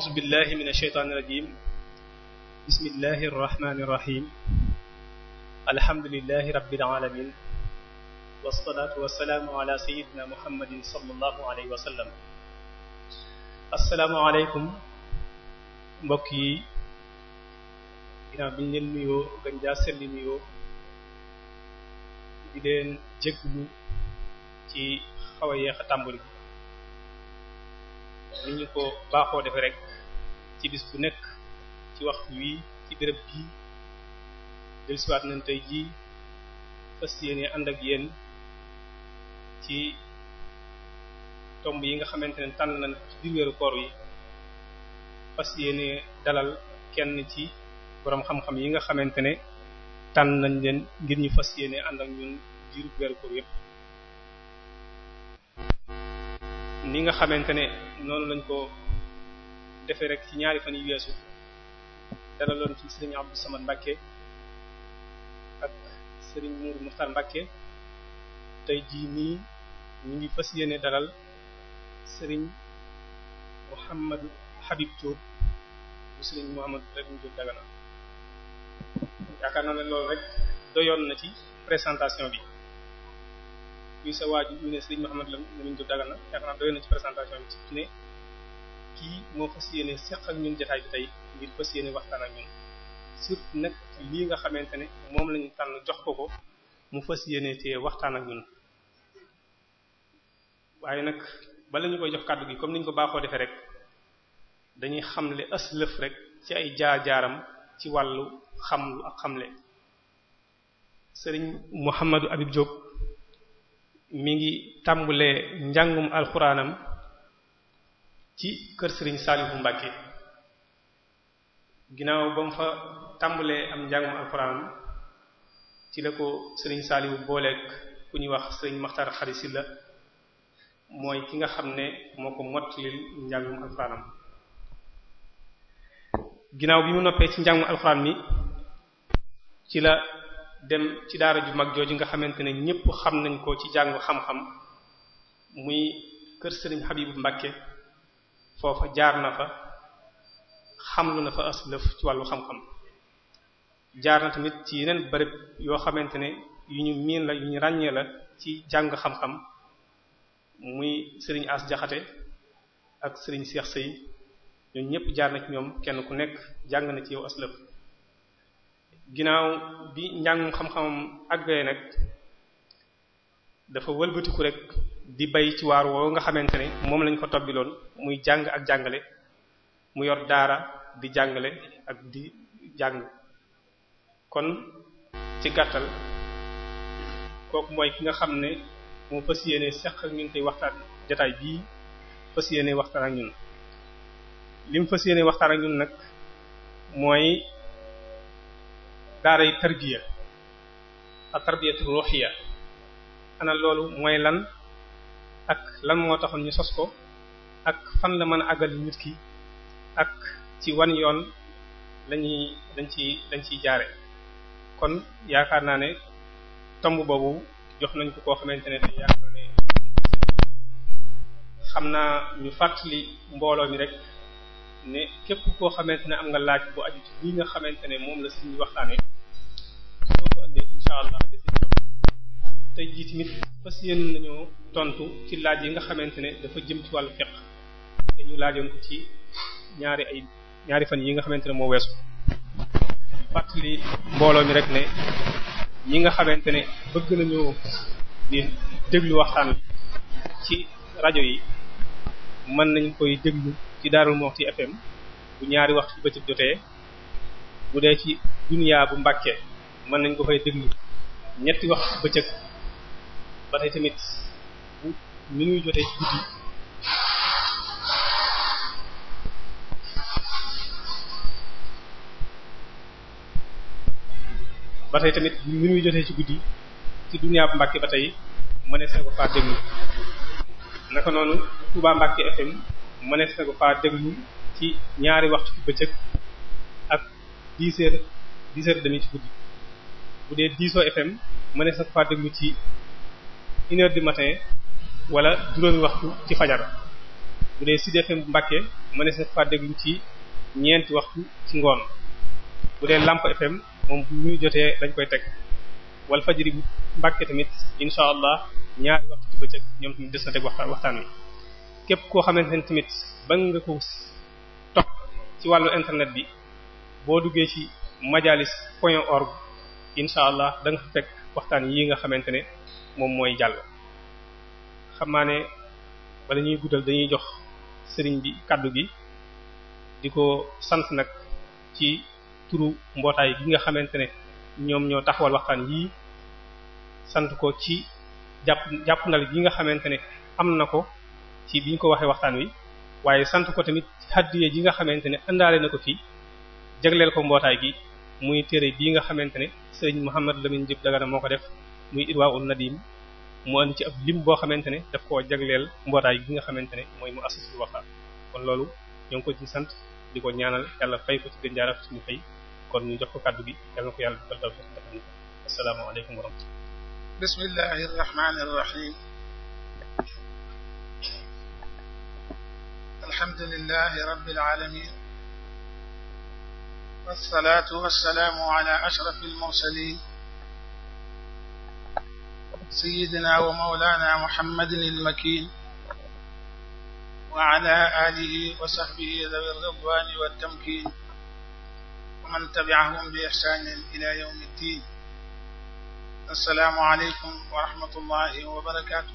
أعوذ بالله من الشيطان الرجيم بسم الله الرحمن الرحيم الحمد لله رب العالمين والصلاة والسلام على سيدنا محمد صلى الله عليه وسلم asalaamaaleykum mbokk yi ginnaaw bi ñu leen nuyoo gën jaa selli nuyoo di leen jégalu ci xaw a yéex a tàmbali bi ni ko baaxoo defee rek ci bis bu nekk ci waxtu wi ci bërëb bi dellusiwaat nañ tey jii fas yéene ànd ak yéen ci tomb yi nga xamante ne tànn nañ ci biir koor yi fas yéene dalal kenn ci boroom xam-xam yi nga xamante ne tànn nañ leen ngir ñu fas yéene ànd ak ñun diiru weeru koor yépp ni nga xamante ne noonu lañ ko defe rek ci ñaari fan yu weesu dara loon ci sëriñ Abdou Samad Mbacke ak sëriñ Mourou Mokhtar Mbacke tey jii nii ñu ngi fas yéene dalal sëriñ Mouhamadou Habib Diop bu sëriñ Mouhamadou Ibrahim Diop Dagana yaakaar naa ne loolu rek doyoon na ci présentation bi kuy sa waajur ñu ne Serigne Mouhamed Lamine Diop Dagana yaakaar naa doy na ci présentation bi ci ne kii moo fas yéene seq ak ñun jotaay bi tey ngir fas yéene waxtaan ak ñun surtout nag lii nga xamante ne moom lañu tànn jox ko ko mu fas yéene te waxtaan ak ñun waaye nag bala ñu koy jox kàddu gi comme niñ ko baaxoo defee rek dañuy xamle aslëf rek ci ay jaar-jaaram ci wàllu xam lu ak xamle Serigne Mouhamadou Habib Diop mi ngi tàmbulee njàngum alxuraanam ci kër sëriñ Saliou Mbacké ginnaaw ba mu fa tàmbulee am njàngum alxuraanam ci la ko Serigne Saliou booleeg ku ñuy wax Serigne Makhtar Khary Sylla mooy ki nga xam ne moo ko mottalil njàngum alxuraanam ginnaaw bi mu noppee ci njàngum alxuraan mi ci la dem ci daara ju mag jooju nga xamante ne ñépp xam nañ ko ci jàng xam-xam muy kër sëriñ Habibu Mbàkke foofa jaar na fa xamlu na fa aslëf ci wàllu xam-xam jaar na tamit ci yeneen bërëb yoo xamante ne yu ñu miin la yu ñu ràññee la ci jàng xam-xam muy sëriñ As Jaxate ak sëriñ Seex Sëy ñooñu ñépp jaar na ci ñoom kenn ku nekk jàng na ci yow aslëf ginnaaw bi njàngum xam-xamam àggee nag dafa wëlbatiku rek di bay ci waar woo nga xamante ne moom lañ ko tobbiloon muy jàng ak jàngale mu yor daara di jàngale ak di jàng kon ci gàttal kooku mooy ki nga xam ne moo fas yéene seq ak ñun tey waxtaan jataay bii fas yéene waxtaan ak ñun lim fas yéene waxtaan ak ñun nag mooy daaray tarbiya ak tarbiyatu ruhiya ana loolu mooy lan ak lan moo taxoon ñu sos ko ak fan la mën a àggal nit ki ak ci wan yoon lañuy lañ ci lañ ciy jaare kon yaakaar naa ne tomb boobu jox nañ ko koo xamante ne yaakaar xam naa ñu fàttali mbooloo mi rek ne képp koo xamante ne am nga laaj bu aju ci lii nga xamante ne moom la suñu waxtaanee soo ko jii tamit fas yéen nañoo tontu ci laaj yi nga xamante ne dafa jëm ci wàllu fiqh te ñu laajoon ko ci ñaari ay ñaari fan yi nga xamante ne moo weesu. fàttali mbooloo mi rek ne ñi nga xamante ne bëgg nañoo di déglu waxtaan ci rajo yi mën nañ koy déglu. ci Darou Moukhty FM bu ñaari wax ci bëccëg jotee bu dee ci dunya bu Mbàkke mën nañ ko fay déglu ñetti waxtu ci bëccëg tamit mi ñuy jotee tamit mi ñuy ci guddi ci ba tey mënees na ko noonu Touba Mbàkke FM mënees na ko faa déglu ci ñaari waxtu ci bëccëg ak dix heures demi ci guddi bu dee diisoo FM mënees na ko faa déglu ci une heure du matin wala juróomi waxtu ci fajar bu dee Sud FM bu Mbàkke mënees na ko faa déglu ci ñeenti waxtu ci ngoon bu dee làmp FM moom bu ñu jotee dañ koy teg wal fajri bu Mbàkke tamit incha allah ñaari waxtu ci bëccëg ñoom tamit des na teg waxtaan waxtaan wi képp koo xamante ne tamit ba nga ko topp ci wàllu internet bi boo duggee ci majalis point org incha allah da nga fa fekk waxtaan yi nga xamante ne moom mooy jàll xam naa ne bala ñuy guddal dañuy jox sëriñ bi kàddu gi di ko sant nag ci turu mbootaay gi nga xamante ne ñoom ñoo taxawal waxtaan yii sant ko ci jàpp jàppandal yi nga xamante ne am na ko ci bi ñu ko waxee waxtaan wi waaye sant ko tamit haddiye ji nga xamante ne àndaale na ko fi jagleel ko mbootaay gi muy téere bii nga xamante ne sëriñ Mouhamed Lamine Diop Dagana moo ko def muy Irwaa'ul Nadim mu andi ci ab lim boo xamante ne daf koo jagleel mbootaay gi nga xamante ne mooy mu assasul Wafa kon loolu ñoo ngi ko ci sant di ko ñaanal yàlla fay ko ci gën jaaraf suñu fay kon ñu jox ko kàddu gi yàlla na ko yàlla defal taw bi asalaamaaleykum wa rahmatulah. الحمد لله رب العالمين والصلاة والسلام على أشرف المرسلين سيدنا ومولانا محمد المكين وعلى آله وصحبه ذوي الرضوان والتمكين ومن تبعهم بإحسان إلى يوم الدين السلام عليكم ورحمة الله وبركاته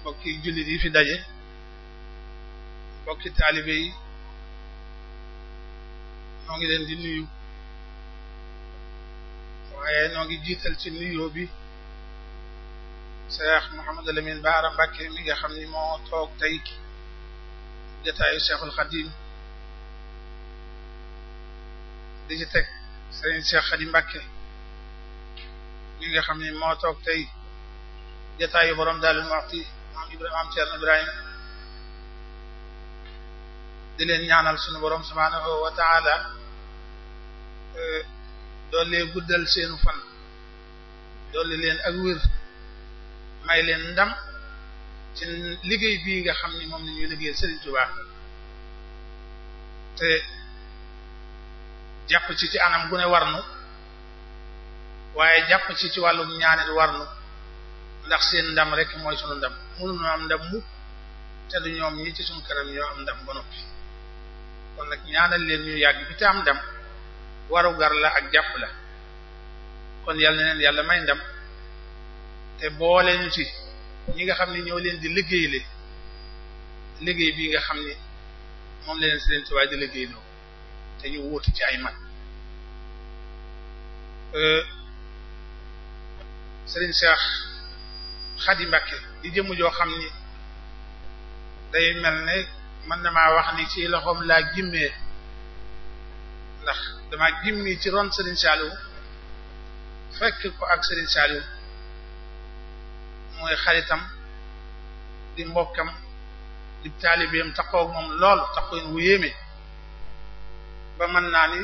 mbokki jullit yi fi daje mbokki taalibe yi noo di nuyu waaye noo ngi jiital ci nuyoo bi Cheikh Mouhamadou Lamine Bara Mbacké mi nga xam ni moo toog tey jataayu Cheikhul Khadim di ci teg Serigne Cheikh Khadim Mbacké mi nga xam ni moo toog tey jataayu borom Daaru Muxti maam Ibrahima maam Thierno Ibrahima di leen ñaanal suñu borom subhaanahu wa ta'ala e, dolli guddal seenu fan dolli leen ak wér may leen ndam ci liggéey bii nga xam ni moom la ñuy liggéeyal Serigne Touba te jàpp ci ci anam gu ne warnu waaye jàpp ci ci wàllum ñaanit warnu ndax seen ndam rek mooy sunu ndam mënuñu am ndam mukk te du ñoom ñi ci suñu kanam ñoo am ndam ba noppi kon nag ñaanal leen ñu yàgg bi te am ndam waru gar la ak jàpp la kon yàlla na leen yàlla may ndam te boole ñu ci ñi nga xam ni ñoo leen di liggéeyale liggéey bi nga xam ni moom la leen si leen si waaye ci ay mag euh, Serigne Xadi Mbàkke di jëmm joo xam ni day mel ne mën na maa wax ni ci loxoom laa gimmee ndax damaa gimmi ci ron Serigne fekk ko ak Serigne mooy xaritam di mbokkam di taalibeem taxoo ak moom lool taxoo wu ba mën naa ni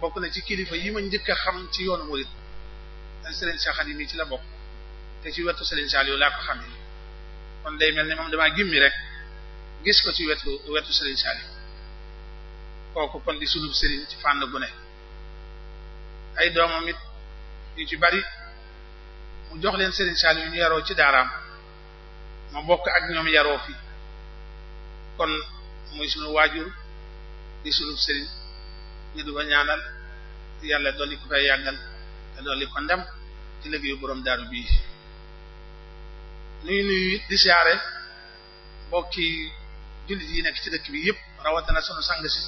bokk na ci kilifa yi ma njëkk a xam ci yoonu murid Serigne Cheikh Xadi mi ci la bokk. te ci wetu Serigne Saliou laa ko xamee kon day mel ne moom damaa gimmi rek gis ko ci wetu wetu Serigne Saliou kooku kon di sunub Serigne ci fànn gu ne ay doomam it yu ci bari mu jox leen Serigne Saliou ñu yaroo ci daaraam ma bokk ak ñoom yaroo fi kon muy sunu waajur di sunub Serigne ñu du ñaanal yàlla dolli ko fay yàggal te dolli ko ndam ci liggéeyu boroom daaru bii ñu ngi nuyu it di siyaare mbokki jullit yi nekk ci dëkk bi yëpp rawatina sunu sang si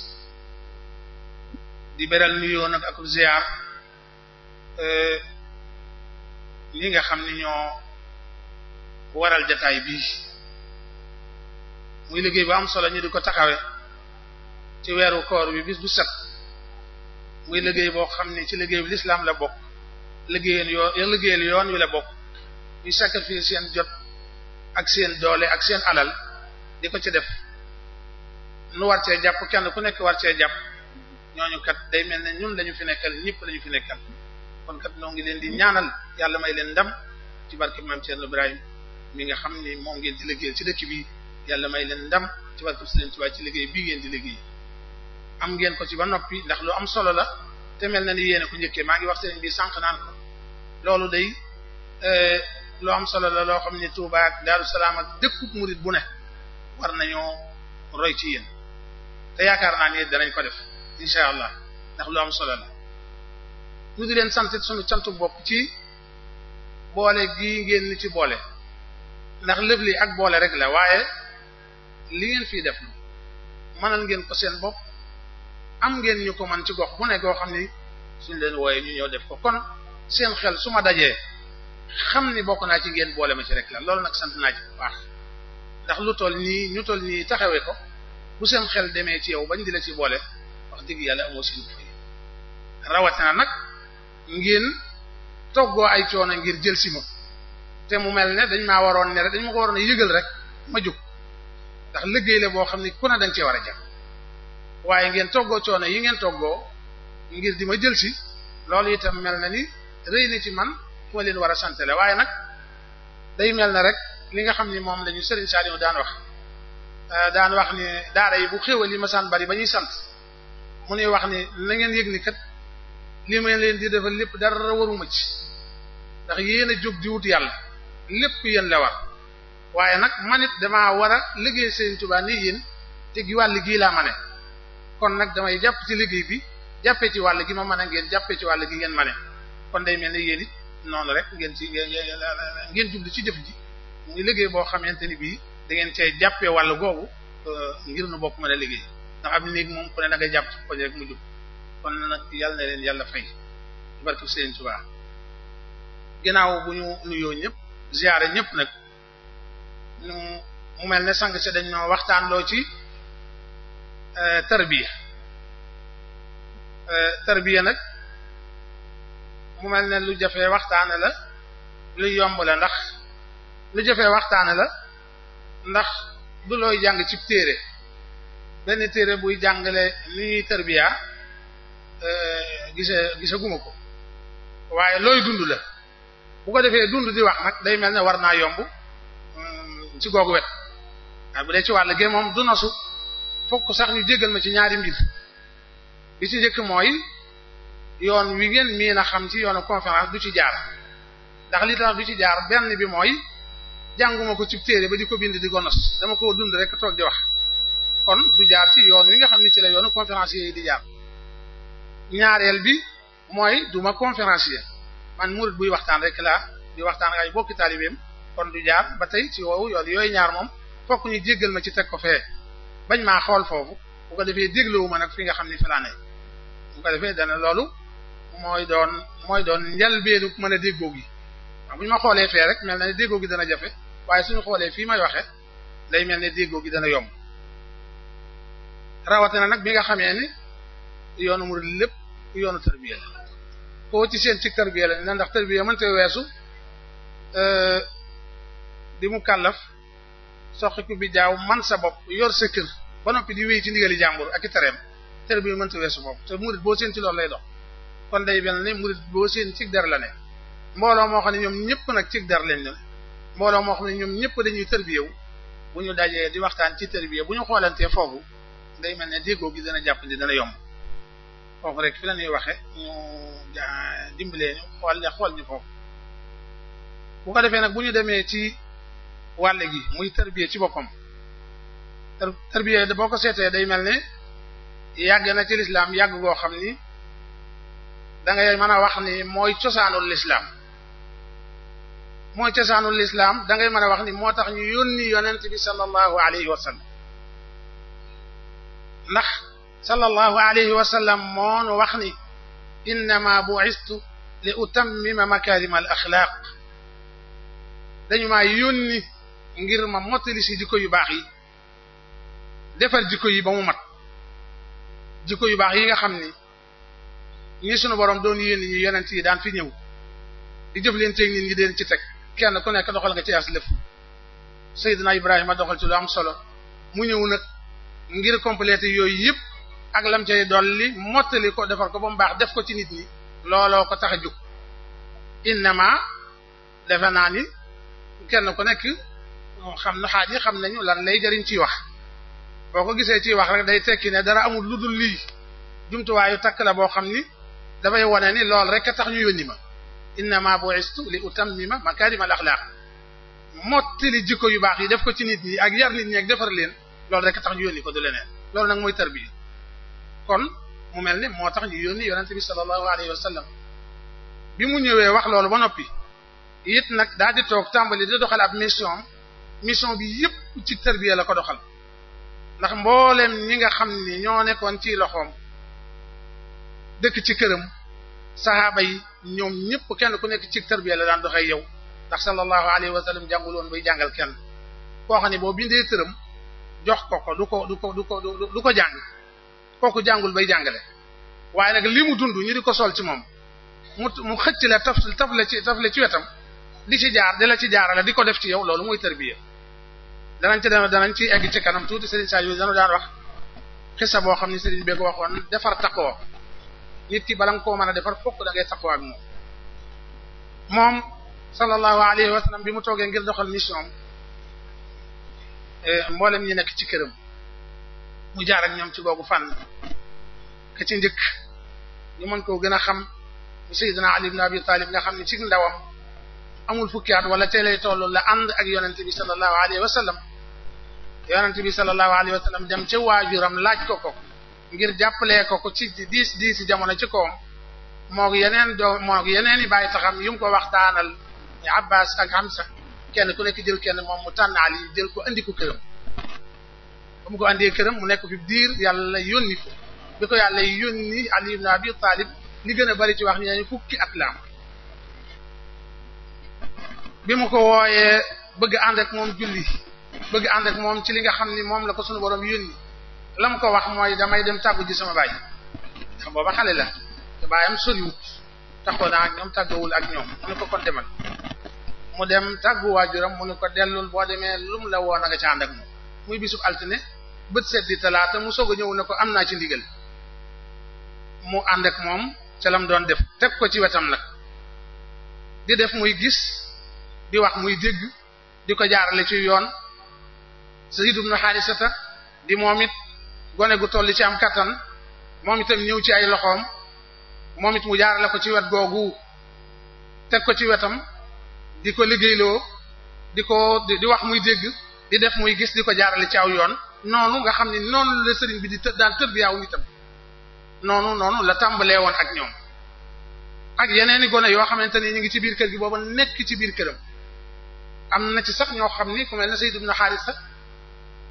di beral nuyoo nag ak ziar li e, nga xam ni ñoo waral jataay bii muy liggéey bu am solo ñu di ko taxawe ci weeru koor bi bis du set muy liggéey boo xam ni ci liggéey bi lislaam la bokk liggéeyal yoon liggéeyal yoon wi la bokk ñu sacrifice seen jot ak seen doole ak seen alal di ko ci def nu war jàpp kenn ku nekk war cee jàpp ñooñu day mel na ñun lañu fi nekkal ñëpp lañu fi nekkal kon kat noo ngi leen di ñaanal yàlla may leen ndam ci barke maam Thierno Ibrahim mi nga xam ni moom ngeen di liggéey ci dëkk bi yàlla may leen ndam ci barke Sëriñ Tuubaa ci liggéey bii ngeen di liggéey am ngeen ko ci ba noppi ndax lu am solo la te mel na ni yéen a njëkkee maa ngi wax seen bi sànq naan ko lu am solo la loo xam ne Touba ak Darou Salaam ak dëkkub murid bu ne war nañoo roy ci yéen te yaakaar naa ni danañ ko def incha allah ndax lu am solo la. ñu leen sant suñu santu bopp ci boole gii ngeen ni ci boole ndax lépp lii ak boole rek la waaye li ngeen fii def mënal ngeen ko seen bopp am ngeen ñu ko man ci gox bu ne goo xam ni suñ leen wooyee ñu ñëw def ko kon seen xel su ma dajee. xam ni bokk naa ci ngeen boole ma ci rek la loolu nag sant naa ci bu baax ndax lu toll nii ñu toll nii taxawee ko bu seen xel demee ci yow bañ di la ci boole wax dëgg yàlla amoo seen fay rawatina nag ngeen toggoo ay coono ngir jël si ma te mu mel ne dañ maa waroon ne rek dañ ma ko waroon a yëgal rek ma jóg ndax liggéey la boo xam ne ku ne dañ cee war a jàpp waaye ngeen toggoo coono yi ngeen toggoo ngir di ma jël si loolu itam mel na ni rëy na ci man. moo leen war a sant la waaye nag day mel na rek li nga xam ni moom lañuy ñu Serigne Saliou daan wax euh, daan wax ni daara yi bu xéwal yi masaan bari ba ñuy sant mu nuy wax ni la ngeen yëg ni kat li ma leen di defal lépp dara waruma ci ndax yéen a jóg di wut yàlla lépp yéen la war waaye nag man it damaa war a liggéey Serigne Touba ni yéen te gi wàll gii laa ma ne kon nag damay jàpp ci liggéey bi jàppee ci wàll gi ma mën a ngeen jàppee ci wàll gi ngeen ma ne kon day mel ni yéen it noonu rek ngeen ci ngeen jublu ci jëf ji muy liggéey boo xamante ni bii dangeen ngeen cay jàppee wàll googu euh, ngir nu bokk mën a liggéey ndax am léegi moom ku ne da ngay jàpp ci projet rek mu jub kon nag yàlla na leen yàlla fay barke Sëriñ Tuubaa ginnaaw bu ñu nuyoo ñëpp ziyaare ñëpp nag ñu mu mel ne sànq si dañ ñoo waxtaan loo ci euh, tarbiya euh, tarbiya nag mu mel ne lu jafee waxtaane la lu yomb la ndax lu jafee waxtaane la ndax du looy jàng ci téere benn téere buy jàngale li ñuy tarbiya euh, gise gisaguma ko waaye looy dund la bu ko defee dund di wax nag day mel ne war naa yomb mm, ci googu wet waaye bu dee ci wàll gee moom du nasu fokk sax ñu jéggal ma ci ñaari mbir bi ci njëkk mooy yoon wi ngeen miin a xam ci yoonu conférence du ci jaar ndax li tax du ci jaar benn bi mooy jànguma ko ci téere ba di ko bind di ko nos dama ko dund rek toog di wax kon du jaar ci yoon wi nga xam ne ci la yoonu conférencier yi di jaar ñaareel bi mooy du ma duma conférencier man murid buy waxtaan rek laa di waxtaan ay bokki taalibeem kon du jaar ba tey ci woowu yoon yooyu ñaar moom fokk ñu jéggal ma ci teg ko fee bañ maa xool foofu bu ko defee dégluwu ma nag fi nga xam ne fi laa loolu mooy doon mooy doon njëlbéenu mën a déggoo gi waaw bu ñu ma xoolee fee rek mel na ne déggoo gi dana jafe waaye suñu xoolee fii may waxe day mel ne déggoo gi dana yomb rawatina nag bi nga xamee ni yoonu murid lépp yoonu tarbiya la koo ci seen ci tarbiya la ne ndax tarbiya mënte weesu euh, di mu kàllaf soqiku bi jaaw man sa bopp yor sa kër ba noppi di wéy ci ndigali jàmbur ak i tereem tarbiya mënte weesu bopp te murid boo seen ci loolu lay dox kon day mel ni murid boo seen ci der la ne mbooloo moo xam ne ñoom ñëpp nag ci der lañ ne mbooloo moo xam ne ñoom ñëpp dañuy tërbiyewu bu ñu dajee di waxtaan ci tërbiye bu ñu xoolantee foofu day mel ne déggoo gi dana jàpp ni dana yomb foofu rek fi la ñuy xool ne xool ñu foofu bu ko defee nag bu ñu demee ci wàll gi muy tërbiye ci boppam tërbiye boo ko seetee day mel ne yàgg na ci lislaam yàgg goo xam ni da ngay mën a wax ni mooy cosaanul lislaam mooy cosaanul lislaam dangay ngay mën a wax ni moo tax ñu yónni yonent bi sallallahu alayhi wa sallam ndax sallallahu alayhi wa sallam moonu wax ni innama bu'istu li utammima makarim al axlaaq dañu maa yónni ngir ma mottali si jikko yu baax yi defar jikko yi ba mu mat jikko yu baax yi nga xam ni ñi sunu borom doon yéen ñi yonent yi daan fi ñëw di jëf leen teg ñi deen ci teg kenn ku nekk doxal nga ci as lëf Seydina Ibrahima doxal ci lu solo mu ñëw nag ngir complété yooyu yëpp ak lam cay dolli mottali ko defar ko ba mu baax def ko ci nit ñi looloo ko tax a jóg innama defe naa ni kenn ku nekk xam na xaaj yi xam nañu lan lay jariñ ciy wax boo ko gisee ci wax rek day tekki ne dara amul lu dul lii jumtuwaayu takk la boo xam ni dafay wane ni lool rek tax ñu yónni ma innama bu'istu li utammima makarim al akhlaq mottali jikko yu baax yi def ko ci nit ñi ak yar nit ñi ak defar leen loolu rek tax ñu yónni ko du leneen loolu nag mooy tarbiya kon mu mel ni moo tax ñu yónni yonente bi sallallahu alayhi wa sallam bi mu ñëwee wax loolu ba noppi it nag daal di toog tàmbali di doxal ab mission mission bi yépp ci tarbiya la ko doxal ndax mbooleem ñi nga xam ni ñoo nekkoon ci loxoom dëkk ci këram saxaaba yi ñoom ñëpp kenn ku nekk ci tarbiya la daan doxee yow ndax sallallahu alayhi wa sallam jàngul woon bay jàngal kenn koo xam ne boo bindee tërëm jox ko ko du ko du ko du ko du ko jàng kooku jàngul bay jàngale waaye nag li mu dund ñu di ko sol ci moom mu mu xëcc la taf taf la ci taf la ci wetam di ci jaar di la ci jaarale di ko def ci yow loolu mooy tarbiya danañ ci dana danañ ci egg ci kanam tuuti Serigne Saliou dana daan wax xisa boo xam ne Serigne bee ko waxoon defar takkoo nit ki bala koo mën a defar fokk da ngay taqwa ak moom moom sallallahu alayhi bi mu toogee ngir doxal mission am eh, mboolem ñi nekk ci këram mu jaar ak ñoom ci googu fan ka ci njëkk ñu mën koo gën a xam mu sayyidina Ali ibn Abi Talib xam ne ci ndawam amul fukki at wala tey lay tollu la ànd ak yonent bi sallallahu alayhi wa sallam bi sallallahu alayhi dem ca waajuram laaj ko ko ngir jàppalee ko ku ci diis diisi jamono ci koom moog yeneen doom moog yeneen i bàyyi taxam yu ngi ko waxtaanal ni Abbas ak Hamza kenn ku nekk jël kenn moom mu tànn Ali jël ko indi ko këram mu ko indi këram mu nekk fi diir yàlla yónni ko bi ko yàlla yónni Ali ibn Abi Talib li gën a bari ci wax ñu ne fukki at la am bi mu ko wooyee bëgg ànd ak moom julli bëgg ànd ak moom ci li nga xam ni moom la ko sunu borom yónni la mu ko wax mooy damay dem tàggu ji sama baay xam booba xale la te baayam soriwut taxoo ak ñoom tàggawul ak ñoom mu ne ko kon demal mu dem tàggu waajuram mu ne ko dellul boo demee lum la woo na nga ca ànd moom muy bisub altine bët seet di talaata mu soog a ñëw ne ko am naa ci ndigal mu ànd moom ca lam doon def teg ko ci wetam nag di def muy gis di wax muy dégg di ko jaarale ci yoon Sayyid ibn Harisata di moom it gone gu toll ci am kattan moom itam ñëw ci ay loxoom moom it mu jaarale ko ci wet googu teg ko ci wetam di ko liggéeyloo di ko di wax muy dégg di def muy gis di ko jaarale ci aw yoon noonu nga xam ne noonu la sëriñ bi di të daan tërbiyaawu nitam noonu noonu la tàmbalee woon ak ñoom ak yeneeni gone yoo xamante ni ñu ngi ci biir kër gi booba nekk ci biir këram am na ci sax ñoo xam ni ku mel ne Sayyid ibn Haarisa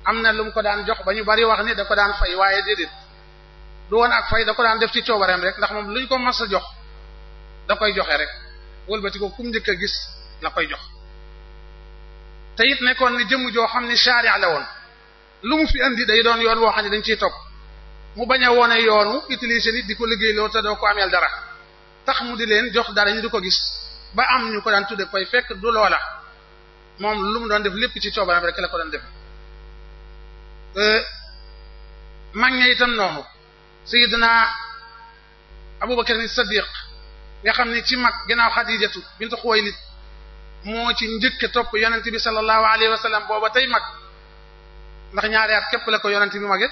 am na lu mu ko daan jox ba ñu bari wax ni da ko daan fay waaye déedéet du woon ak fay da ko daan def ci coobareem rek ndax moom lu ko mas jox da koy joxe rek wëlbati ko njëkk a gis la koy jox te it nekkoon ni jëmm joo xam ni charia la woon lu mu fi andi day doon yoon woo xam ne dañ ciy topp mu bañ a wone yoonu utiliser nit di ko liggéeyloo te doo ko ameel dara tax mu di leen jox dara ñu di ko gis ba am ñu ko daan tudde koy fekk du loola moom lu mu doon def lépp ci coobareem rek la ko doon def Euh, mag ña itam noonu sayidina abubakar ni siddiq nga xam ne ci mag ginnaaw xadijatu bi xuwaylid moo ci njëkk topp yonent bi sallallahu alayhi wa sallam booba tey mag ndax ñaari yaat képp la ko yonent bi mage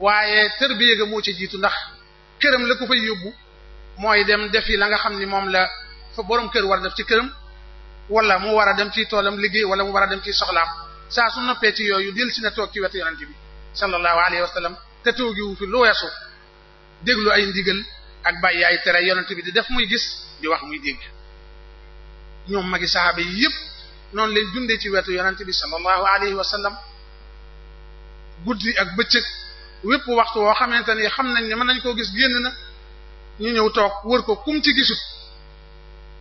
waaye tërbiye ga moo ci jiitu ndax këram la ko fay yóbbu mooy dem defi la nga xam ni moom la fa borom kër war def ci këram wala mu war a dem ci toolam liggéey wala mu war a dem ci soxlaam saa su noppee ci yooyu del si na toog ci wetu yonent bi sallallahu alayhi wa sallam te toogiwu fi lu weesu déglu ay ndigal ak bàyyi ay tere yonent bi di def muy gis di wax muy dégg ñoom magi saxaaba yi yëpp leen dundee ci wetu yonent bi sallallahu alayhi wa sallam guddi ak bëccëg wépp waxtu woo xamante ni xam nañ ne mën nañ koo gis génn na ñu ñëw toog wër ko kum ci gisut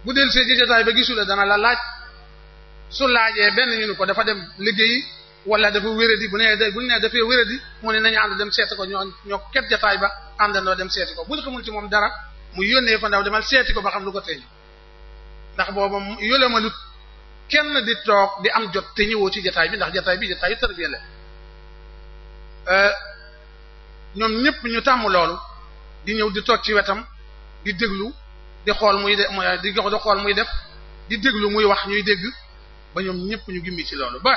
bu del see jëjataay ba gisul dana la laaj su laajee benn ñu ko dafa dem liggéeyi wala dafa wéradi bu nee bu nee dafee wéradi mu ne nañu ànd dem seeti ko ñoo ñoo ket jataay ba àndandoo dem seeti ko bu ñu xamul ci moom dara mu yónnee ko ndaw demal seeti ko ba xam lu ko tey ndax booba yólemalut kenn di toog di am jot te ñëwoo ci jataay bi ndax jataay bi jataayu tarbiya la euh, ñoom ñépp ñu tàmm loolu di ñëw di toog ci wetam di déglu di xool muy de di jox di xool muy def di déglu muy wax ñuy dégg ba ñoom ñëpp ñu gimmi ci loolu ba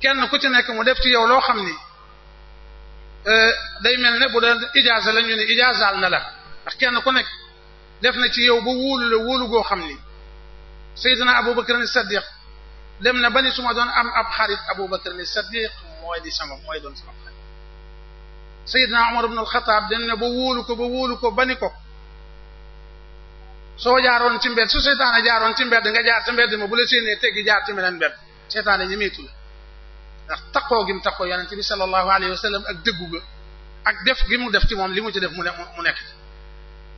kenn ku ci nekk mu def ci yow loo xam ni euh, day mel ne bu dee ijaaza la ñu ne ijaazaal na la ndax kenn ku nekk def na ci yow ba wóolu la wóolu goo xam ni Seydina Abubakar ni Saddiq dem na ba ni su ma doon am ab xarit Abubakar ni Saddiq mooy di sama mooy doon sama xarit Seydina Umar ibn al-Khattab dem na ba wóolu ko ba wóolu ko ba ni ko soo jaaroon ci mbedd su seytaane jaaroon ci mbedd nga jaar ci mbedd ma bu la séenee teggi jaar ci meneen mbedd seytaane ñemeetu la ndax takkoo gi mu takkoo yonent bi sallallahu alayhi wa ak dëggu ga ak def gi mu def ci moom li mu ci def mu ne mu nekk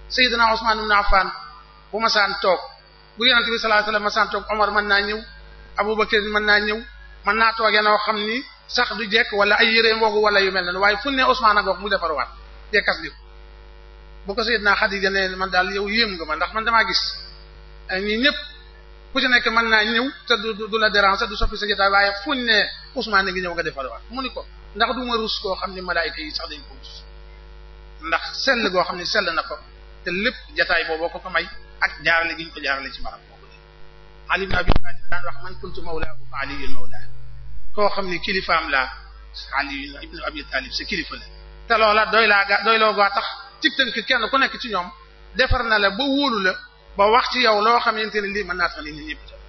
Seydina Usman ibn Affan bu masaan toog bu yonent bi sallallahu alayhi wa sallam masaan toog Omar mën naa ñëw Abubakar mën naa ñëw mën naa toogee noo xam ni sax du jekk wala ay yére mboogu wala yu mel noonu waaye fu ne Usman ak mu defarwaat jekkas li ko bu ko Sayyidna Xadiija ne man daal yow yéem nga ma ndax man damaa gis ñi ñëpp ku ci nekk mën naa ñëw te du la déranger du soppi sa jotaay waaye fuñ ne Usmaan ngi ñëw nga defarwaat mu ni ko ndax du ma rus koo xam ne malaayika yi sax dañ ko rus ndax sell goo xam ne sell na ko te lépp jotaay booboo ko ko ak jaarale gi ñu ko jaarale ci barab boobu Ali ibn Abi Talib daan wax kuntu mawlaa koo xam ni kilifaam laa Ali ibn Abi Talib sa kilifa la te loola doy ga doy loo gaa ci tënk kenn ku nekk ci ñoom defar na la ba wóolu la ba wax ci yow loo xamante ne lii mën naa tax nit ñi ñëpp topp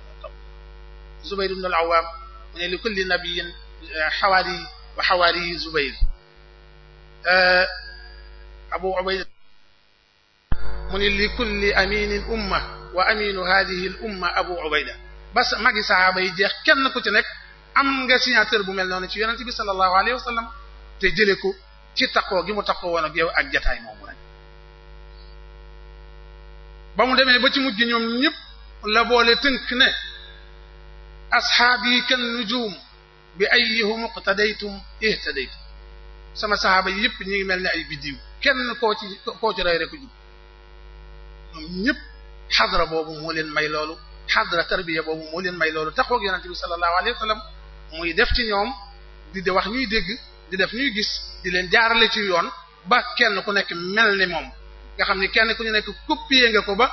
Zubayr ibn al-Awwam mu ne li kulli nabiyyin eh, xawaari wa xawaari Zubayr eh, Abu Ubayda mu ne li kulli aminin umma wa aminu hadhihi al-umma Abu Ubayda bas magi saxaaba yi jeex kenn ku ci nekk am nga signateur bu mel noonu ci yonent bi sallallahu alayhi wa sallam te jëlee ko. ci takkoo gi mu takkoo woon ak yow ak jataay moomu rek ba mu demee ba ci mujj ñoom ñépp la boole tënk ne asxaabi kan nujum bi ayyihum iqtadaytum ihtadaytum sama saxaaba yi yëpp ñu ngi mel ni ay biddiw kenn koo ci koo ci rey rek xadra boobu moo leen may loolu xadra tarbiya boobu moo leen may loolu taxoog yonente bi sallallahu alayhi wa muy def ci ñoom di de wax ñuy dégg di def ñuy gis di leen jaarale ci yoon ba kenn ku nekk mel ni moom nga xam ni kenn ku ñu nekk copier nga ko ba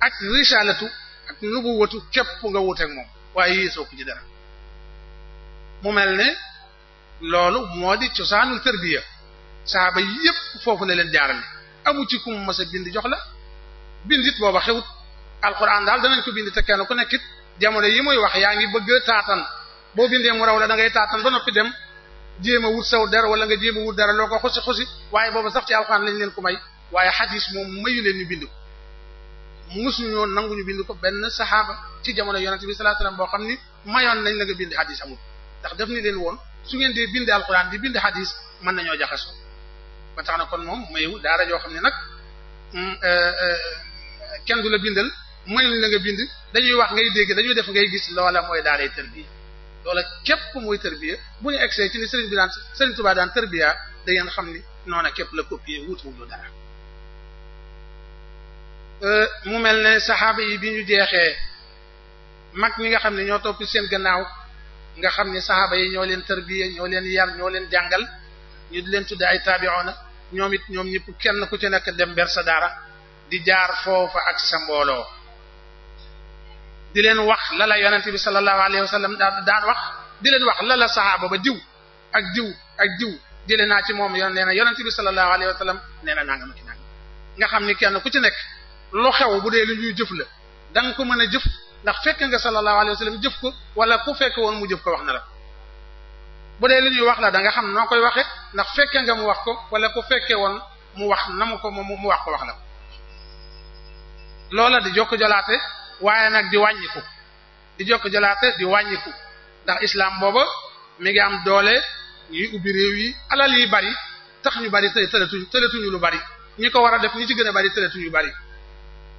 ak risalatu ak nubuwatu képp nga wuteek moom waaye yéesoo ko ci dara mu mel ne loolu moo di cosaanul tarbiya saaba yépp foofu la leen jaarale amu ci kum masa bind jox la bindit booba xewut alquran daal danañ ko bind te kenn ku nekkit jamono yi muy wax yaa ngi bëgg taatan boo bindee mu raw la da ngay taatan ba noppi dem jéem a wut saw dara wala nga jéem a wut dara loo ko xusi xusi waaye booba sax ci alxuraan lañ leen ko may waaye xadiis moom mayu leen ñu bind ko musuñu woon nangu ñu bind ko benn saxaaba ci jamono yonent bi sallallahu alayhi wasallam boo xam ni mayoon nañ la nga bind xadiis amul ndax def ni leen woon su ngeen dee bind alxuraan di bind xadiis mën nañoo jaxasoo ba tax na kon moom mayu daara yoo xam ne nag mm, euh, euh, kenn du la bindal mayuñ la nga bind dañuy wax ngay dégg dañuy def ngay gis loola mooy daaray tarbiya loola képp muy tërbiya bu ñu egsee ci ni Serigne bi daan Serigne Touba daan tërbiya da ngeen xam ni noona képp la copier wutuwulu dara euh, mu mel ne saxaaba yi bi ñu jeexee mag ñi nga xam ne ñoo topp seen gannaaw nga xam ne saxaaba yi ñoo leen tërbiya ñoo leen yar ñoo leen jàngal ñu di leen tudde ay tabi'una ñoom it ñoom ñëpp kenn ku ci nekk dem ber sa dara di jaar foofa ak sa mbooloo di leen wax la la yonent bi sallallahu alayhi wa sallam daa daan wax di leen wax la la saxaaba ba diw ak diw ak diw jëlee naa ci moom yoon nee na yonent bi sallallahu alayhi wa sallam nee na nangam ci nga xam ni kenn ku ci nekk lu xew bu dee lu ñuy jëf la da nga ko mën a jëf ndax fekke nga sallallahu alayhi wa sallam jëf ko wala ku fekk woon mu jëf ko wax na la bu dee lu ñuy wax la da nga xam noo koy waxe ndax fekke nga mu wax ko wala ku fekkee woon mu wax na mu ko mu wax ko wax la loola di jokk jolaate waaye nag di wàññiku di jokk jalaate di wàññiku ndax islaam booba mi ngi am doole ñuy ubbi réew yi alal yi bari tax ñu bari tey tëlatuñu lu bari ñi ko war a def ñi ci gën a bari tëlatuñu bari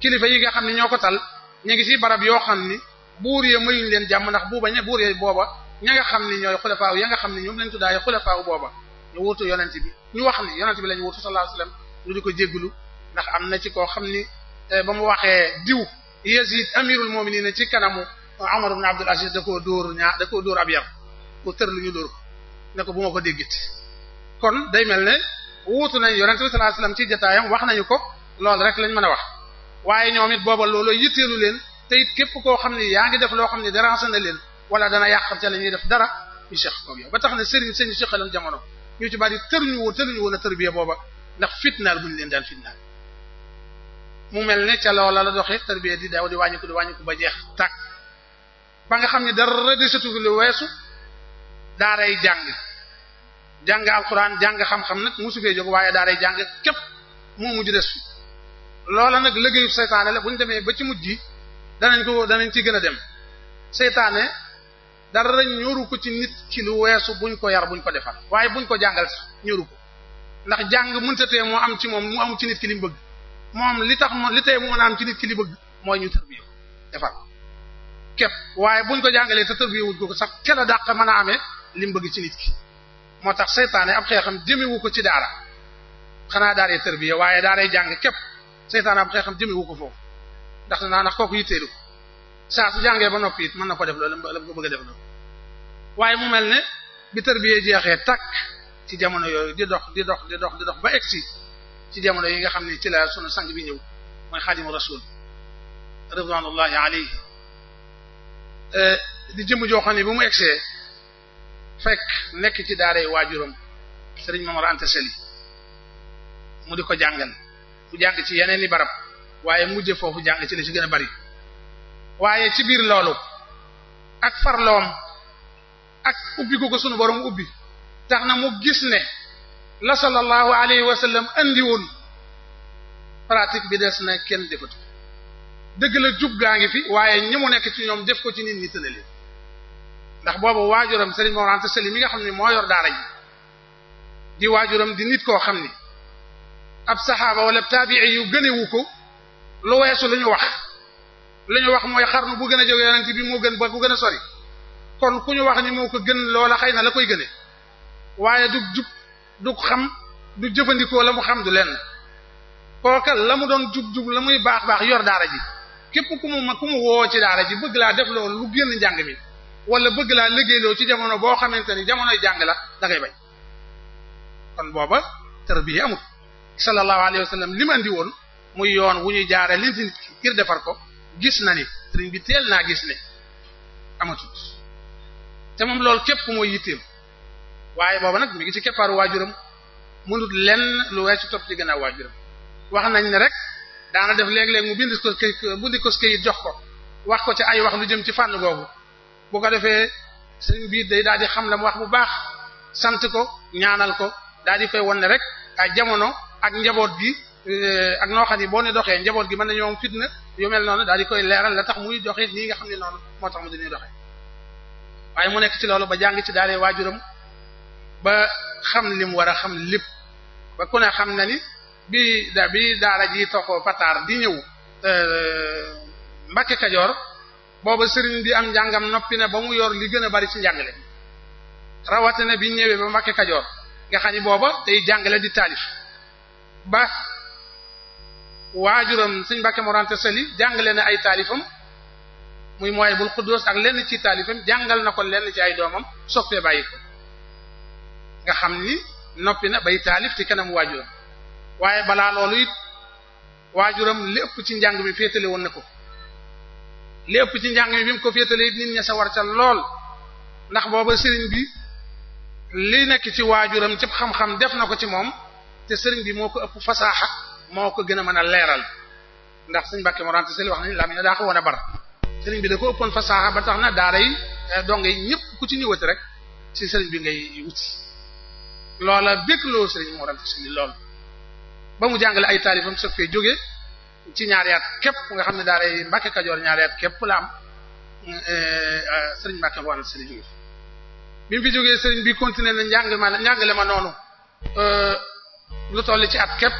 kilifa yi nga xam ne ñoo ko tal ñu ngi ci barab yoo xam ni buur ya mayuñ leen jàmm ndax buuba ña buur ya booba ña nga xam ni ñooy xulafaaw ya nga xam ni ñoom lañ tuddaay xulafaaw booba ñu wutu yonent bi ñu wax ni yonent bi lañ wutu sallallahu alayhi wasallam ñu di ko jégglu ndax am na ci koo xam ni eh, ba mu waxee diw Yazid amirul mu'minin ci kanamu Umar ibn Abdul Aziz da koo dóor ñaa da koo dóor ab yar ku tër lu ñu door ko ne ko bu ma ko déggit kon day mel ne wuutu nañ yonent bi sallallahu alayhi wasallam ci jotaayam wax nañu ko loolu rek lañ mën a wax waaye ñoom it booba looloo yitteelu leen te it képp koo xam ne yaa ngi def loo xam ne déranger na leen wala dana yàqal ca la ñuy def dara ñu seq koog yow ba tax ne sëriñ sëñ bi seqaloon jamono ñu ci bari tëruñu woon tëruñu woon a tërbiya booba ndax fitnaal bu leen daan fitnaal mu mel ne ca loola la doxee tarbiya di daw di wàññiku di wàññiku ba jeex tàkk ba nga xam ne dara desatu lu weesu daaray jàng jàng alxuraan jàng xam-xam nag musu fee jóg waaye daaray jàng képp moo mujj des fi loola nag liggéeyu seytaane la bu ñu demee ba ci mujj yi danañ ko danañ ci gën a dem seytaane dara ñoru ko ci nit ci lu weesu buñ ko yar buñ ko defar waaye buñ ko jàngal ñoru ko ndax jàng mënta tee moo am ci moom mu am ci nit ki li bëgg moom li tax li tey mu mën a am ci nit ki li bëgg mooy ñu tërbiya defal képp waaye buñ ko jàngalee te tërbiya wuñ ko sax kenn dàq mën a amee li mu bëgg ci nit ki moo tax seytaane ab xeexam jëmewu ko ci daara xanaa daaree tërbiya waaye daaree jàng képp seytaane ab xeexam jëmewu ko foofu ndax naa ndax kooku yitteelu ko saa su jàngee ba noppi it mën na ko def loolu la ko bëgg a def loolu waaye mu mel ne bi tërbiya jeexee takk ci jamono yooyu di dox di dox di dox di dox ba egsi ci jamono yi nga xam ne ci la sunu sang bi ñëw mooy xaadimu rasul ridwanullahi alayhi euh, di jëm joo xam ne bu mu egsee fekk nekk ci daaray waajuram ma Momar Anta Sali mu di ko jàngal mu jàng ci yeneen i barab waaye mujje foofu jàng ci li ci gën a bari waaye ci biir loolu ak farloom ak ubbi ko ko sunu borom ubbi tax na mu gis ne la sallallahu alayhi wa sallam andi woon pratique bi des na kenn defatu dëgg la jub gaa ngi fi waaye ñi mu nekk ci ñoom def ko ci nit ñi tëlali ndax booba waajuram Serigne Mor Anta Sali mi nga xam ne moo yor daara ji di waajuram di nit koo xam ni ab saxaaba wala taabi'i yu gënewu ko lu weesu lu ñu wax lu ñu wax mooy xarnu bu gën a jóge yonent bi moo gën ba ku gën a sori kon ku ñu wax ni moo ko gën loola xëy na la koy gëne waaye du jub du xam du jëfandikoo la mu xam du lenn kooka la mu doon jug-jug la muy baax baax yor daara ji képp ku mu ma ku mu wowoo ci daara ji bëgg laa def loolu lu génn njàng mi wala bëgg laa liggéeyloo ci jamono boo xamante ni jamonoy jàng la dangay ngay kon booba tarbiya amut sallallahu alayhi wa sallam li mu woon muy yoon wu ñuy jaare liñ fi ngir defar ko gis na ni sëriñ naa gis te moom loolu képp mooy yitteem waaye booba nag mi ngi ci keppaaru waajuram mënut lenn lu weesu topp ci gannaaw waajuram wax nañ ne rek daana def léeg-léeg mu bind ko bundi ko këyit jox ko wax ko ci ay wax lu jëm ci fànn googu bu ko defee sëñ biir day daal di xam la mu wax bu baax sant ko ñaanal ko daal di koy won ne rek ay jamono ak njaboot gi eh, ak noo yi boo ne doxee njaboot gi mën na ñoom fitna yu mel noonu daal di koy leeral la tax muy doxee nii nga xam ne noonu moo tax mu dañuy doxee waaye nekk ci loolu ba jàng ci daara waajuram ba xam lim war a xam lépp ba ku ne xam na ni bi daara ji toxoo pataar di ñëw euh, Mbàkke Kajoor booba sëriñ bi am njàngam noppi na ba mu yor li gën a bari ci rawat rawatina bi ñëwee ba Mbàkke Kajoor nga xam ni booba day jàngale di taalif ba waajuram sëñ Mbàkke Morante Sali jàngale na ay taalifam muy mooy bul xuddoos ak lenn ci taalifam jàngal na ko lenn ci ay doomam soppee bàyyi nga xam ni noppi na bay taalif ci kanam waajuram waaye balaa loolu it waajuram lépp ci njàng mi féetale woon na ko lépp ci njàng mi bi mu ko féetale it nit ña sa war ca lool ndax booba sëriñ bi li nekk ci waajuram jëpp xam-xam def na ko ci moom te sëriñ bi moo ko ëpp fasaaxa moo ko gën a mën a leeral ndax suñ Mbàkke Mor Anta Sali a sëriñ bi da ko ëppoon fasaaxa ba tax na daara yi eh, dong yi ku ci ñëwati rek ci sëriñ bi ngay wuti loola békloo sëriñ Mor Anta Sali lool ba mu jàngale ay taalifam soog fee jóge ci ñaari at képp nga xam ne daara yi Mbàkke Kajoor ñaari at képp la am eh, eh, sëriñ Mbàkke Mor Anta Sali jógee bi mu fi jógee sëriñ bi continuer na njàng ma njàngale ma noonu eh, lu toll ci at képp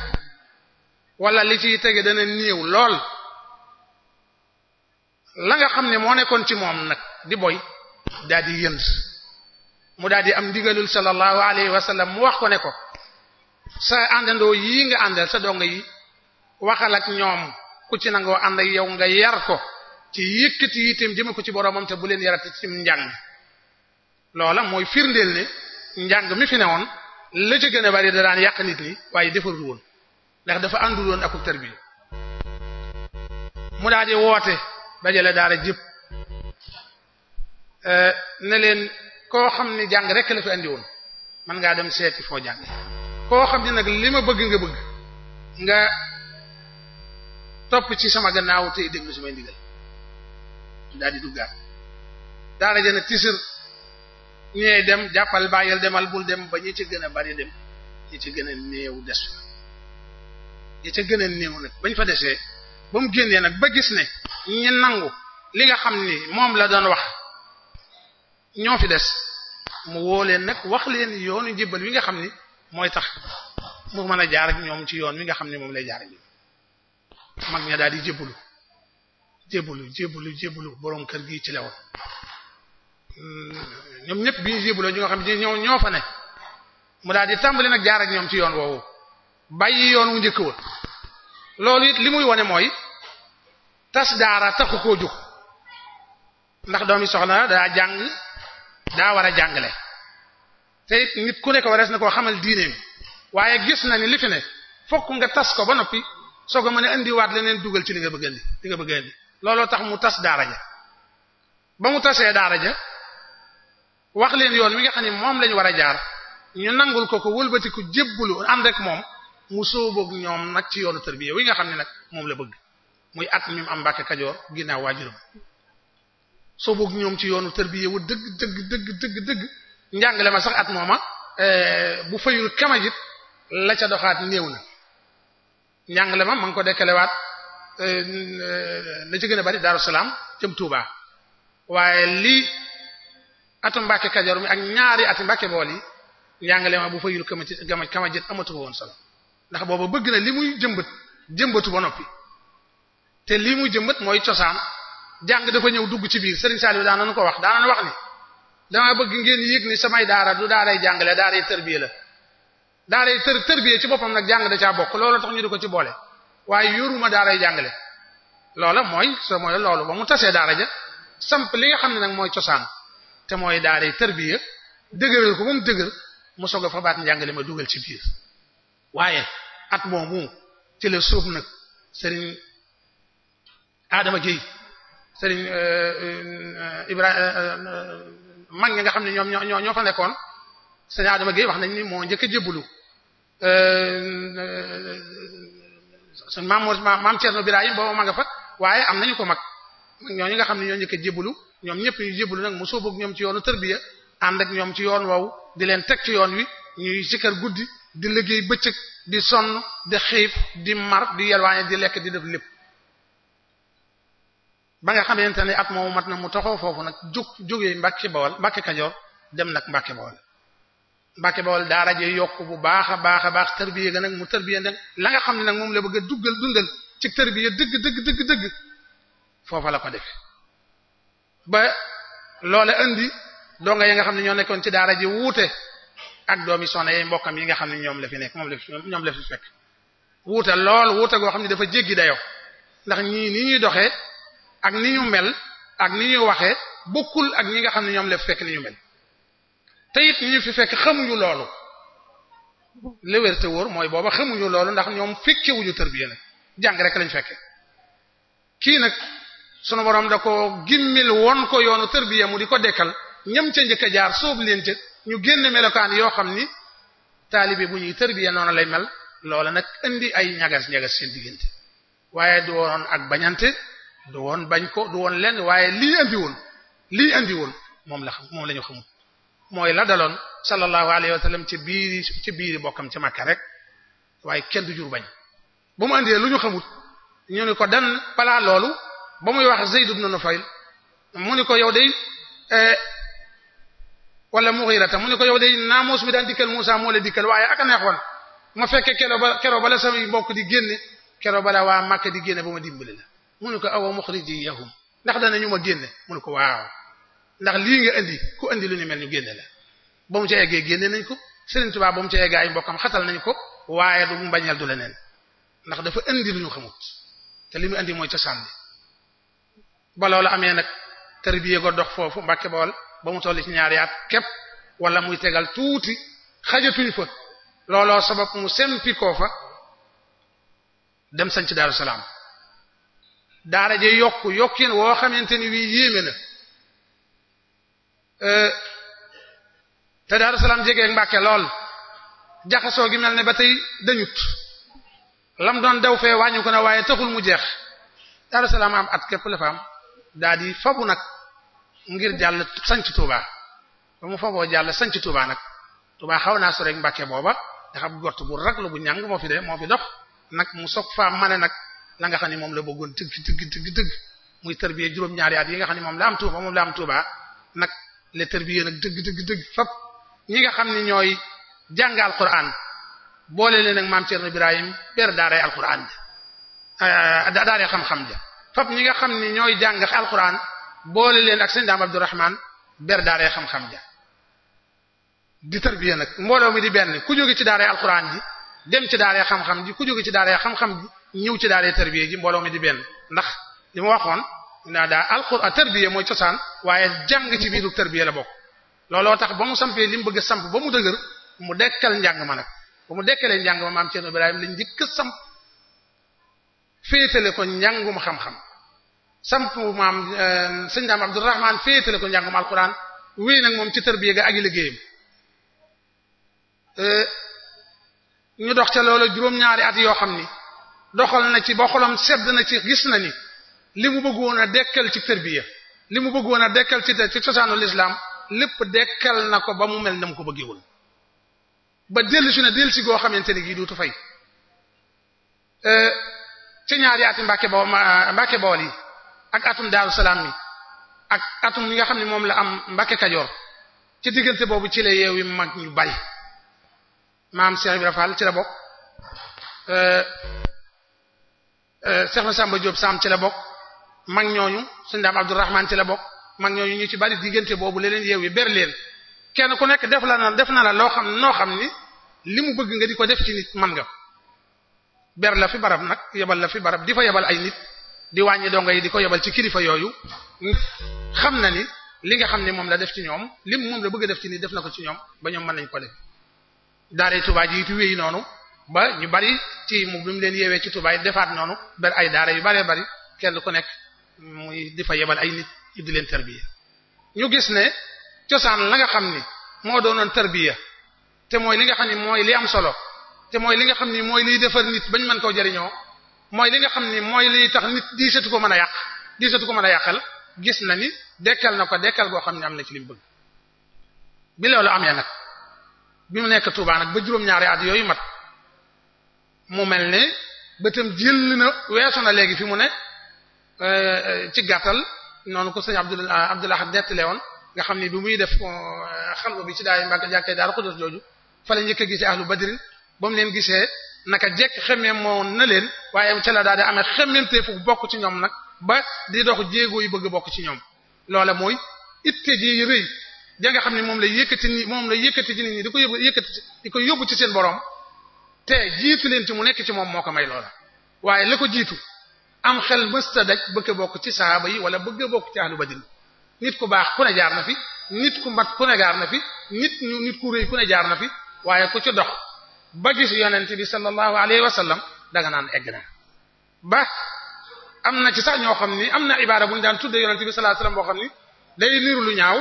walla li ci tege dana néew lool la nga xam ne moo nekkoon ci moom nag di boy daal di yënd mu daal di am ndigalul sallallahu alayhi wa sallam mu wax ko ne ko sa àndandoo yii nga àndal sa dong yi waxal ak ñoom ku ci nangoo ànd yow nga yar ko ci yëkkati itam jëme ko ci boromam te bu leen yarati ci njàng loola mooy firndeel ni njàng mi fi ne woon la gën a bari da daan yàq nit ñi waaye defarul woon ndax dafa àndul woon akub tarbiya mu daal woote dajale daara jëpp eh, ne leen koo xam ne jàng rek la fi andi woon mën ngaa dem seeti foo jàng koo xam ne nag li ma bëgg nga bëgg nga topp ci sama gannaaw tey déglu samay ndigal daal di duggaat daara jëna tisir ñee dem jàppal bàyyal demal bul dem ba ñu ci gën a bari dem ñi ci gën a néew des fa ci gën a néew nag bañ fa desee ba mu génnee nag ba gis ne ñi nangu li nga xam ni moom la doon wax ñoo fi des mu woo leen nag wax leen yoonu njëbbal wi nga xam ni mooy tax mu mën a jaar ak ñoom ci yoon wi nga xam ne moom lay jaar ak ñoom mag ña daal di jébbalu jébbalu jébbalu jébbalu boroom kër gi ci lewoon hmm, ñoom ñëpp bi ñu jébbaloo nga xam ne ñoo ñoo fa ne mu daal di tàmbali nag jaar ñoom ci yoon woowu bàyyi yoon wu njëkk wa loolu it li muy wone mooy tas daara taxu koo jóg ndax doomi soxna daa jàng daa war a jàngale te nit ku nekk ko warees na koo xamal diineem waaye gis na ni li fi ne fokk nga tas ko ba noppi soo ko mën a indiwaat leneen dugal ci li nga bëgg indi li nga bëgg looloo tax mu tas daara ja ba mu tasee daara ja wax leen yoon wi nga xam ne moom lañu war a jaar ñu nangul ko ko wëlbati ko jébbulu ànd ak moom mu sóoboog ñoom nag ci yoonu tarbiya wi nga xam ne nag moom la bëgg muy at mi am Mbàkke Kajoor ginnaaw waajuram soo boog ñoom ci yoonu tërbiye wu dëgg dëgg dëgg dëgg njàngale ma sax at mooma eh, bu fayul kamajit la ca doxaat néew na njàngale ma ma ngi ko dekkalewaat eh, eh, la ci gën a bari Daaru Salaam jëm Touba waaye lii atu Mbàkke Kajoor mi ak ñaari ati Mbàkke bool yi njàngale ma bu fayul kamajit kamajit amatu woon solo ndax booba bëgg na li muy jëmbat jëmbatu ba noppi te lii muy jëmbat mooy cosaan jàng dafa ñëw dugg ci biir Serigne Saliou daan nañu ko wax daan wax ni dama bëgg ngeen yëg ni samay daara du daaray jàngale daaray tërbiye la daaray tër tërbiye ci boppam nag jàng da caa bokk loolu tox ñu di ko ci boole waaye yoruma daaray jàngale loola mooy so mooy loolu ba mu tasee daara ja samp li nga xam ne nag mooy cosaan te mooy daaray tërbiye dëgëral ko ba mu dëgër mu soog a fa baat njàngale ma dugal ci biir waaye at moomu ci la suuf nag Serigne Adama Gueye sëriñ euh, euh, Ibrahima euh, mag ñi nga xam ne ñoom ñoo ñoo fa nekkoon sëriñ Adama Gueye wax nañ ni moo njëkk a jébbalu suñ maam maam Thierno Birahim booba ma nga fa waaye am nañu ko mag ñooñu nga xam ne ñoo njëkk a ñoom ñëpp ñu jébbalu nag mu sóoboog ñoom ci yoonu tërbiya ànd ak ñoom ci yoon woowu di leen teg ci yoon wi ñuy sikkar guddi di liggéey bëccëg di sonn di xiif di mar di yelwaane di lekk di def lépp ba nga xamante ne at moomu mat na mu toxoo foofu nag jóg jógee Mbàkke Bawol Mbàkke Kajoor dem nag Mbàkke Bawol Mbàkke Bawol daara ji yokk bu baax a baax a baax tërbiye ga nag mu tërbiye nag la nga xam ne nag moom la bëgg a duggal dundal ci tërbiye dëgg dëgg dëgg dëgg foofa la ko defe ba loola indi donga yi nga xam ne ñoo nekkoon ci daara ji wuute ak doomi soxna yi mbokkam yi nga xam ne ñoom la fi nekk moom la fi ñoom la fi fekk wuute lool wuute goo xam ne dafa jéggi dayoo ndax ñii ni ñuy doxee ak ni ñu mel ak ni ñu waxee bokkul ak ñi nga xam ne ñoom la fekk ni ñu mel te it ñu fi fekk xamuñu loolu li te wóor mooy booba xamuñu loolu ndax ñoom fekkewuñu tërbiya nag jàng rek lañ fekke kii nag sunu borom da ko gimmil won ko yoonu tërbiya mu di ko dekkal ñam ca njëkk jaar sóob leen ca ñu génn melokaan yoo xam ni taalibe bu ñuy tërbiya noonu lay mel loola nag indi ay ñagas ñagas seen diggante waaye du woon ak bañante du woon bañ ko du won lenn waaye lii andi woon lii andi woon moom la xam moom la ñu mooy la daloon sallallahu alayhi wa sallam ci biiri ci biiri bokkam ci Makka rek waaye kenn du jur bañ bu mu andee lu ñu xamut ñu ni ko dan balaa loolu ba muy wax Zayd ibn Nufayl mu ni ko yow day eh, wala Mughirata mu ni ko yow day naamuus bi daan dikkal Muusa moo la dikkal waaye ak a ma fekkee keroo ba keroo bala samay bokk di génne keroo bala waa Makka di génne ba dimbali la mu ne ko awa muxrijiyahum ndax danañu ma génne mu ne ko waaw ndax lii nga indi ku indi lu ñu mel ñu génne la ba mu ca eggee génne nañ ko Serigne Touba ba mu ca eggee ay mbokkam xatal nañ ko waaye du mbañal du leneen ndax dafa indi lu ñu xamut te li mu indi mooy ca bi ba loolu amee nag tarbiya go dox foofu Mbàkke Bawol ba mu toll ci ñaari at képp wala muy tegal tuuti xajatuñ fa looloo sabab mu sempi koo fa dem sañ ci Daaru Salaam daara ja yokk yokkin woo xamante ni wii yéeme na euh, te Daaru Salaam jegeeg Mbàkke lool jaxasoo gi mel ne ba tey dañut lam doon daw fee wàññi ko na waaye taxul mu jeex Daaru Salaam am at képp la fa am fabu nag ngir jàll sanc Tuubaa mu faboo jàll sanc Tuubaa nag Tuubaa xaw naa soreeg mbakke booba ndax ab gort bu raglu bu ñàng moo fi de moo fi dox nag mu soog faa mane nag la nga xam ne moom la bëggoon tëgg tëgg tëgg tëgg muy tërbiye juróom-ñaari at yi nga moom la am Tuuba moom la nag le tërbiye nag dëgg dëgg dëgg fab ñi nga xam ne ñooy jàngal Alquran boole leen ak maam Thierno Ibrahim ber daaray Alquran ja euh, daaray xam-xam ja fab ñi nga xam ne ñooy jàng Alquran boole leen ak sëñ Daam Abdourahman ber daaray xam-xam ja di tërbiye nag mbooloo mi di benn ku jóge ci daaray Alquran ji dem ci daaray xam-xam ji ku jóge ci daaray xam-xam ñëw ci daara tarbiya ji mbooloo mi di benn ndax li ma waxoon naa daa alxuraan ah, tarbiya mooy cosaan waaye jàng ci biiru tarbiya la bokk looloo tax ba mu sampee li mu bëgg samp ba mu dëgër mu dekkal njàng ma nag ba mu dekkalee njàng ma maam Cerno Ibrahima la njëkk a samp féetale ko njàngum xam-xam samp maam euh, sëñ daam Abdurahmaan féetale ko njàngum alxuraan wéy nag moom ci tarbiya ga ak liggéeyam euh, ñu dox ca loola juróom-ñaari at yoo xam ni doxal na ci ba xolam sedd na ci gis na ni li mu bëggoon a dekkal ci tërbiya li mu bëggoon a dekkal ci ci cosaanu lislaam lépp dekkal na ko ba mu mel nam ko bëggewul ba dellu si na dellu si goo xamante ni gii duutu fay euh, ci ñaari ati Mbàkke Bawol Mbàkke Bawol yi ak atum Daaru Salaam mi ak atum yi nga xam ne moom la am Mbàkke Kajoor ci diggante boobu ci la yeewi mag ñu bari maam Cheikh Ibrahima Fall ci la bokk euh, Seexna euh, Samba Diop Sam ci la bokk mag ñooñu suñu daam Abdourahman ci la bokk mag ñooñu ñu ci bari diggante boobu leneen yeew yi ber leen kenn ku nekk def la na def na la loo xam noo xam ni li mu bëgg nga di ko def ci nit man nga ber la fi barab nag yebal la fi barab di fa yebal ay nit di wàññi dongo yi di ko yebal ci kilifa yooyu xam na ni li nga xam ne moom la def ci ñoom lim moom la bëgg a def ci nit def na ko ci ñoom ba ñoom mën nañ ko def daaree Tuubaa ji it wéy noonu ba ñu bari ci mu bi mu leen yeewee ci Touba yi defaat noonu ber ay daara yu baree bari kenn ku nekk muy di fa yebal ay nit yu di leen tarbiya ñu gis ne cosaan la nga xam ni moo doon doonoon tarbiya te mooy li nga xam ni mooy li am solo te mooy li nga xam ni mooy liy defar nit bañ mën koo jariñoo mooy li nga xam ni mooy liy tax nit di ko mën a yàq di ko mën a yàqal gis na ni dekkal na ko dekkal goo xam ne am na ci li mu bëgg bi loolu amee nag bi mu nekk Touba nag ba juróom-ñaari at yooyu mat. mu mel ne bëtam jël na weesu na léegi fi mu ne euh, euh, ci gàttal noonu ko sëñ Abdul euh, Abdul Ahad nettale woon nga xam ni bi muy def xalwa bi ci daay Mbàkke jàkkee daara Xudus jooju fa la njëkk a gisee ahlu badrin ba mu leen gisee naka jekk xamee moo na leen waaye ca la daal di amee xamante fu bokk ci ñoom nag ba di dox jéego yi bëgg bokk ci ñoom loola mooy itte ji rëy ja nga xam ni moom la yëkkati ni moom la yëkkati ci nit ñi di ko yëkkati di ko yóbbu ci seen borom te jiitu leen ci mu nekk ci moom moo ko may loola waaye la ko jiitu am xel mësta daj bëgg bokk ci saaba yi wala bëgg bokk ci ba badin nit ku baax ku ne jaar na fi nit ku mat ku ne jaar na fi nit ñu nit ku rëy ku ne jaar na fi waaye ku ci dox ba gis yonent bi sallallahu alayhi wa sallam danga naan egg na ba am na ci sax ñoo xam ni am na ibaada bu ñu daan tuddee yonent bi sallallahu alayhi boo xam ni day niru lu ñaaw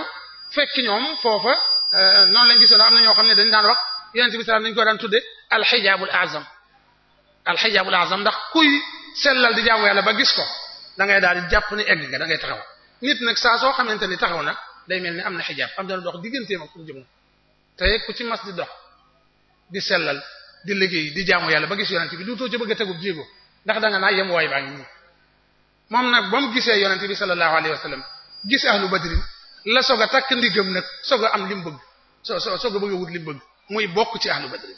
fekk ñoom foofa euh, noonu lañ gisoon am na ñoo xam ne dañ daan wax yonent bi salaam dañu ko daan tudde alxijaabul azam alxijaabul azam ndax kuy sellal di jaamu yàlla ba gis ko da ngay daal di jàpp ni egg nga da ngay taxaw nit nag saa soo xamante ni taxaw na day mel ni am na xijaab am dana dox digganteem ak fu mu jëm te ku ci mas di dox di sellal di liggéey di jaamu yàlla ba gis yonent bi duutoo ci ba a tegub jéego ndax da nga naa yem waay baa ngi nii moom nag ba mu gisee yonent bi sallallahu alayhi wa sallam gis ahlu badrin la soog a takk ndigam nag soog am li so so soog muy bokk ci ahlu badri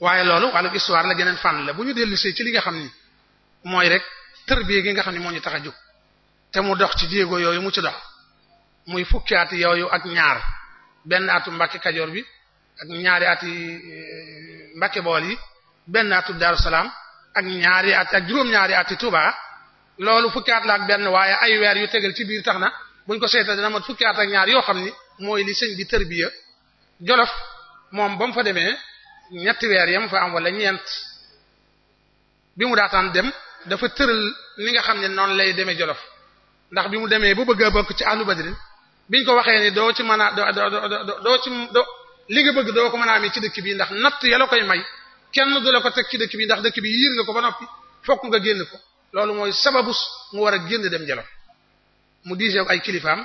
waaye loolu wàllu histoire la geneen fànn la bu ñu dellusee ci li nga xam ni mooy rek tërbiye gi nga xam ni moo ñu tax a jóg te mu dox ci jéego yooyu mu ci dox muy fukki at yooyu ak ñaar benn atu Mbàkke Kajoor bi ak ñaari ati eh, Mbàkke Bool yi benn atu Daaru Salaam ak ñaari at ak juróom-ñaari ati Touba loolu fukki at la ak benn waaye ay weer yu tegal ci biir tax na buñ ko seeta dina mat fukki at ak ñaar yoo xam ni mooy li sëñ bi jolof moom ba fa demee ñetti weer yam fa am wala ñeent bi mu daataan dem dafa tëral ni nga xam ne noonu lay demee jolof ndax bi mu demee bu bëgg a bokk ci ahlu badrin biñ ko waxee ni doo ci mën a doo doo doo ci doo li nga bëgg doo ko mën a amee ci dëkk bi ndax natt ya koy may kenn du la ko teg ci dëkk bi ndax dëkk bi yiir nga ko ba noppi fokk nga génn ko loolu mooy sababus mu war a génn dem jolof mu diisee ay kilifaam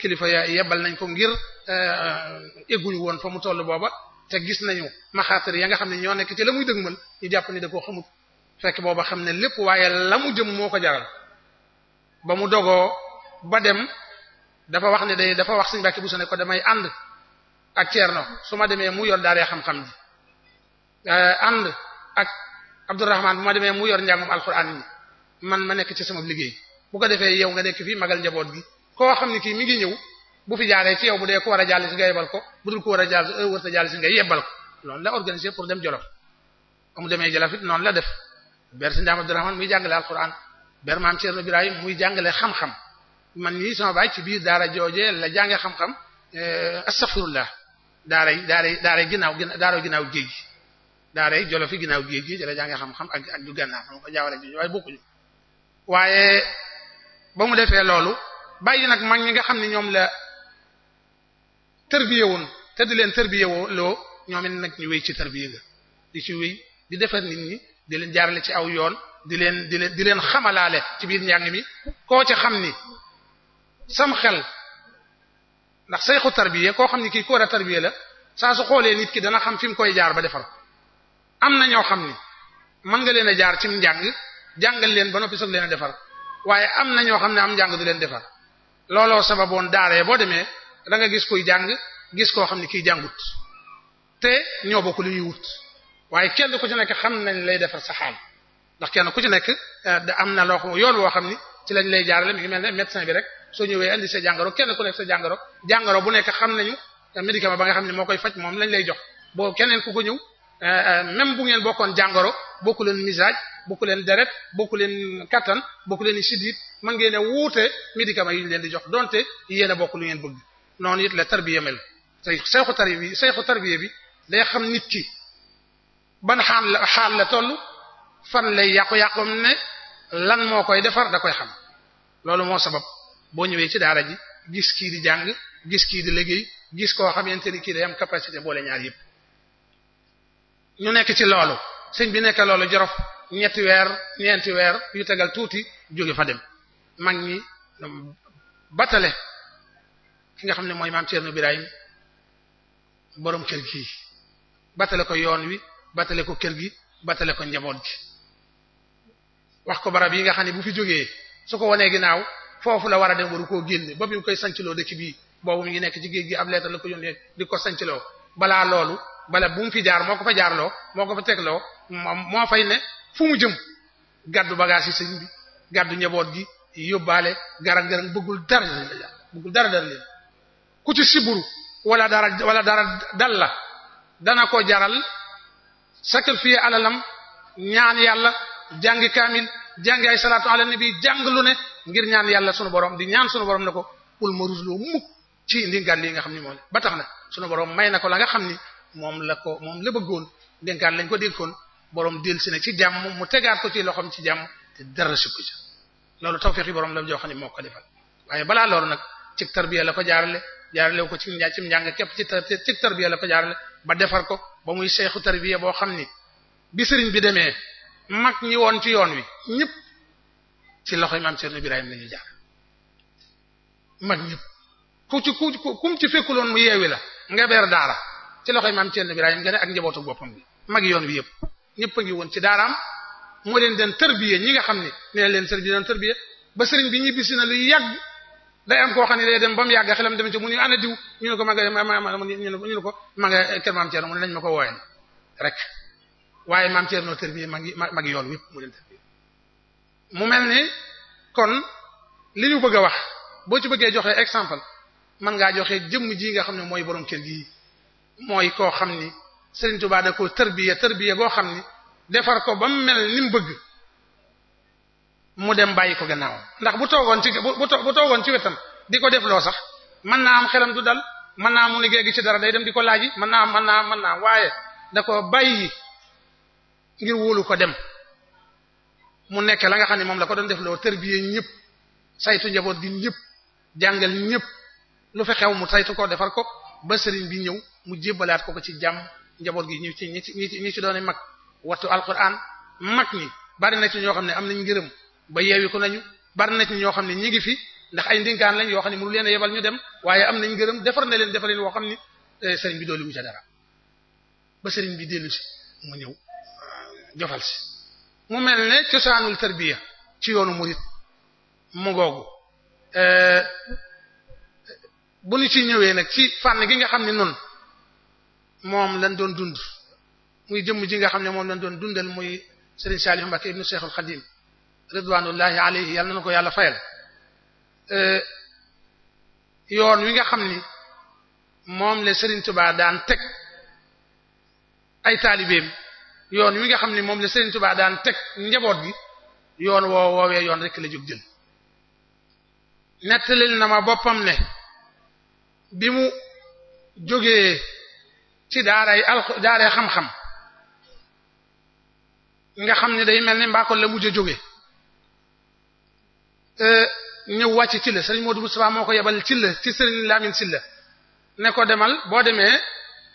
kilifa yebbal nañ ko ngir Euh, egguñu woon fa mu tollu booba te gis nañu maxaatir ya nga xam ne ñoo nekk ci la muy dëgmal ñu jàpp ni da koo xamut fekk booba xam ne lépp waaye la mu jëm moo ko jaral ba mu dogoo ba dem dafa wax ne day dafa wax suñu bàkki bu su ne ko may ànd ak Ceerno su ma demee mu yor daaree xam-xam ji euh, ànd ak Abdourahman bu ma demee mu yor njàngum alxuraan yi man ma nekk ci sama liggéey bu ko defee yow nga nekk fii magal njaboot gi koo xam ne kii ngi ñëw bu fi jaaree ci yow bu dee ku war a jàll nga yebal ko bu dul ku war a jàll euh, wërta jàll si nga yebal ko loolu la organisé pour dem Jolof amu demee Jolof it noonu la def ber si ndaam Abdourahmane muy jàngale alquran ci maam Cerno Ibrahim muy jàngale xam-xam man nii sama baay ci biir daara joojee la jànge xam-xam euh, astaghfirullah daaray daaray daaray ginnaaw géej gi daaray Jolof yi ginnaaw géej gi ci la jànge xam-xam a ak du gànnaar dama ko jaawale ji waaye bokkuñu ba mu defee loolu bàyyi nag mag ñi nga tërbiye woon te di leen tërbiye woo loo ñoom it nag ñu wéy ci tërbiye ga di ci wéy di defar nit ñi di leen jaarale ci aw yoon di leen di leen di leen xamalaale ci biir njàng mi koo ci xam ni sam xel ndax sayxu tarbiya koo xam ni kii kóor a tarbiya la saa su xoolee nit ki dana xam fi mu koy jaar ba defar am na ñoo xam ni mën nga leen a jaar ci njàng jàngal leen ba noppi soog leen a defar waaye am na ñoo xam ne am njàng du leen defar looloo sababoon daaree boo demee da nga gis kuy jàng gis koo xam ne kii jàngut te ñoo bokk li ñuy waaye kenn ku ci nekk xam nañ lay defar sa xaal ndax kenn ku ci nekk eh, da am na loo yoon woo xam ni ci lañ lay jaarale mi ngi mel ne médecin bi rek soo ñëwee indi sa jàngoro kenn ku nekk sa jàngoro jàngoro bu nekk xam nañu eh, médicament ba nga xam ne moo koy faj moom lañ lay jox boo keneen ku ko ñëw eh, même bu ngeen bokkoon jàngoro bokku leen misaaj bokku leen deret bokku leen kattan bokku leen sidit mën ngeen a wuute médicament yi ñu leen di jox donte yéen a bokk lu ngeen bëgg noonu it la tarbiya mel say sayxu tarbiya bi sayxu tarbiya bi day xam nit ki ban xaal la xaal la toll fan lay yàqu-yàqum ne lan moo koy defar da koy xam loolu moo sabab boo ñëwee ci daara ji gis kii di jàng gis kii di léegi gis koo xamante ni kii day am capacité boole ñaar yëpp ñu nekk ci loolu sëñ bi nekk loolu jorof ñetti weer ñeenti weer yu tegal tuuti jóge fa dem mag ñi batale ki nga xam ne mooy maam Thierno Birahim borom kër gi batale ko yoon wi batale ko kër gi batale ko njaboot gi wax ko barab yi nga xam ne bu fi jógee su ko wanee ginnaaw foofu la war a dem waru koo génne ba bi mu koy sancloo dëkk bii boobu mu ngi nekk ci gi ab leetal la ko yónnee di ko sancloo balaa loolu bala bu mu fi jaar moo ko fa jaarloo moo ko fa tegloo moo fay ne fu mu jëm gàddu bagage yi sëñ bi gàddu njaboot gi yóbbaale garab garab bëggul dara bëggul dara dara leen ku ci siburu wala dara wala dara dal la dana ko jaral sacrifier alalam ñaan yàlla jàngi kaamil jàngi ay salaatu ala nabi jàng lu ne ngir ñaan yàlla sunu borom di ñaan sunu borom ne ko bul ma rusloo mukk ci ndingaan lii nga xam ni moom ba tax na sunu borom may na ko la nga xam ni moom la ko moom la bëggoon ndingaan lañ ko dénkoon borom del si ne ci jàmm mu tegaat ko ci loxoom ci jàmm te dara sukk ci loolu tawfiq yi borom la joo xam ne moo ko defal waaye balaa loolu nag ci tarbiya la ko jaarale jaarale ko ci njaa ci njàng képp ci ci tarbiya la ko jaarale ba defar ko ba muy seexu tarbiya boo xam ni bi sëriñ bi demee mag ñi woon ci yoon wi ñëpp ci loxoy maam Cerno Ibrahim la ñuy jaar mag ñëpp ku ci ku kum ci fekkuloon mu yeewi la nga beer daara ci loxoy maam Cerno Ibrahim nga ne ak njabootu boppam bi mag yoon wi yëpp ñëpp a ngi woon ci daaraam moo leen den tarbiya ñi nga xam ne nee leen sëriñ bi den tarbiya ba sëriñ bi ñibbisi na lu yàgg day am koo xam ne day dem ba mu yàgg xelam dem ci mu ne ana diw ñu ne ko ma nga ñu ne ko ma nga kër maam Thierno mu ne nañ ma ko wooyee rek waaye maam Thierno tër bi ma ngi ma ngi yoon wépp mu leen tër bi mu mel ni kon li ñu bëgg a wax boo ci bëggee joxe exemple man ngaa joxe jëmm ji nga xam ne mooy borom kër gi mooy koo xam ni Serigne Touba da ko tërbiya tërbiya boo xam ni defar ko ba mu mel ni mu bëgg mu dem bàyyi ko gannaaw ndax bu toogoon ci bu toogoon ci wetam di ko def loo sax mën naa am xelam du dal mën naa mu liggéey gi ci dara day dem di ko laaj mën naa mën naa mën naa waaye da ko bàyyi ngir wóolu ko dem mu nekk la nga xam moom la ko doon defloo tërbiyee ñëpp saytu njaboot gi ñëpp jàngal ñëpp lu fi mu saytu ko defar ko ba sëriñ bi ñëw mu jébbalaat ko ko ci jàmm njaboot gi ñu ci ñi ci ñi ci doon mag wattu alquran mag ñi bari na ci ñoo xam ne am nañ ngërëm ba yeewiku nañu bari na ñoo xam ne ñi ngi fi ndax ay ndinkaan lañ yoo xam ne mënu leen a yebal ñu dem waaye am nañ gërëm defar na leen defar leen woo xam ni eh, sëriñ bi doolu mu ca dara ba sëriñ bi dellu si mu ñëw jofal si mu mel ne cosaanul tarbiya ci yoonu murid mu ngoogu eh, bu ñu ci ñëwee nag ci fànn gi nga xam ne noonu moom lañ doon dund muy jëmm ji nga xam ne moom lañ doon dundal muy sëriñ Saliou Mbacké mu Cheikhul Khadim ridwanullahi alayhi yàlla na ko yàlla fayal euh, yoon wi nga xam ni moom la Serigne Touba daan teg ay taalibeem yoon wi nga xam ni moom la Serigne Touba daan teg njaboot gi yoon woo woowee yoon rek la jóg jël nettalil na ma boppam ne bi mu jógee ci daaray al daaray xam-xam nga xam ne day mel ni mbaa ko la mujj a jóge Euh, ñëw wàcc ci la sëriñ Modou Moustapha moo ko yebal ci la ci sëriñ Lamine si la ne ko demal boo demee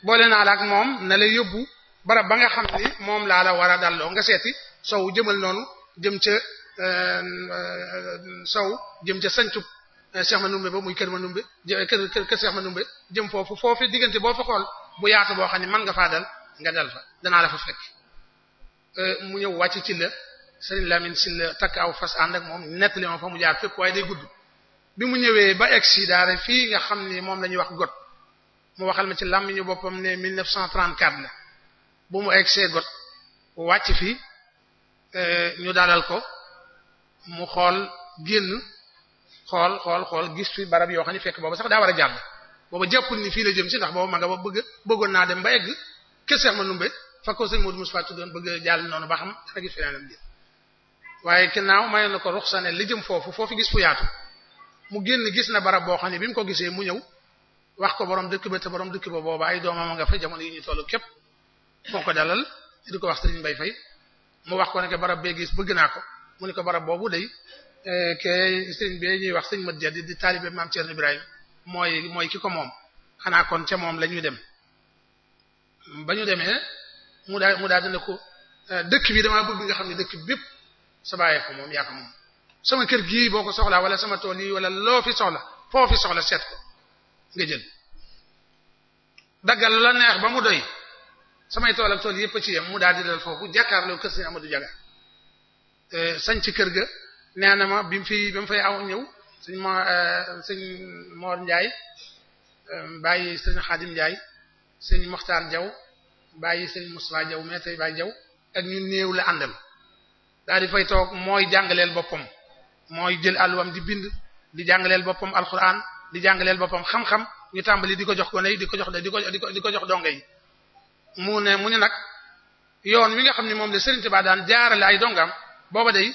boole naa la ak moom na la yóbbu barab ba nga xam ni moom laa la war a dalloo nga seeti sow jëmal noonu jëm ca euh, sow jëm ca sañ sancub euh, Cheikh Manoumbe ba muy kër Manoumbe jë kër kër ma Manoumbe jëm foofu foofu diggante boo fa xool bu yaatu boo xam ne mën nga faa dal nga dal fa danaa la fa fekk mu ñëw wàcc ci la. Sëriñ Lamine si la takk aw fas ànd ak moom nettali moom fa mu jaar fépp waaye day gudd bi mu ñëwee ba si egsi rek fii nga xam ni moom la ñuy wax got mu waxal ma ci làmmiñu boppam ne 1934 la bu mu egsee got wàcc fi eh, ñu daalal ko mu xool génn xool xool xool gis fi barab yoo xam ne fekk booba sax daa war a jàll booba jàppul ni fii la jëm si ndax booba ma nga ba bëgg bëggoon naa dem ba egg keseex ma numbe fa ko sëñ Modou Moussa tuddoon bëgg jàll noonu ba xam dara gis waaye ginnaaw mayoon na ko ruxsane li jëm foofu foofu gis fu yaatu mu génn gis na barab boo xam ne bi mu ko gisee mu ñëw wax ko borom dëkk ba te boroom dëkk ba booba ay doomam a nga fa jamono yi ñu tollu képp moo ko dalal di ko wax Serigne Mbaye Faye mu wax ko ne barab bee gis bëgg naa ko mu ne ko barab boobu day eh, ke Serigne bee ñuy wax Serigne Mat Jadd di taalibe maam Thierno Ibrahima mooy mooy ki ko moom xanaa kon ca moom lañuy ñu dem ba ñu demee mu daal mu daal dina ko eh, dëkk bi damaa bëgg nga xam ne dëkk bépp sa bàyyee ko moom yaa moom sama kër gii boo ko soxlaa wala sama tool yi wala loo fi soxla foo soxla seet ko nga jël daggal la neex ba mu doy samay tool ak tool yëpp a ci yem mu daal di dal foofu jàkkaarloo kër Sëriñ Amadou Diaga sañ ci kër ga nee na ma bi mu fi bi fay aw ñëw sëñ mo euh, sëñ Mor Ndiaye euh, bàyyi sëñ Xaadim njaay sëñ Moxtaar jaw bàyyi sëñ Moussa Diaw mais tey bàyyi Diaw ak ñu néew la àndal daal di fay toog mooy jàngaleel boppam mooy jël àlluwam di bind di jàngaleel boppam alquran di jàngaleel boppam xam ñu tàmbali di ko jox gone di ko jox di ko di ko jox donge yi ne mu ne nag yoon wi nga xam ne moom la Serigne Touba daan jaarale ay dongam booba day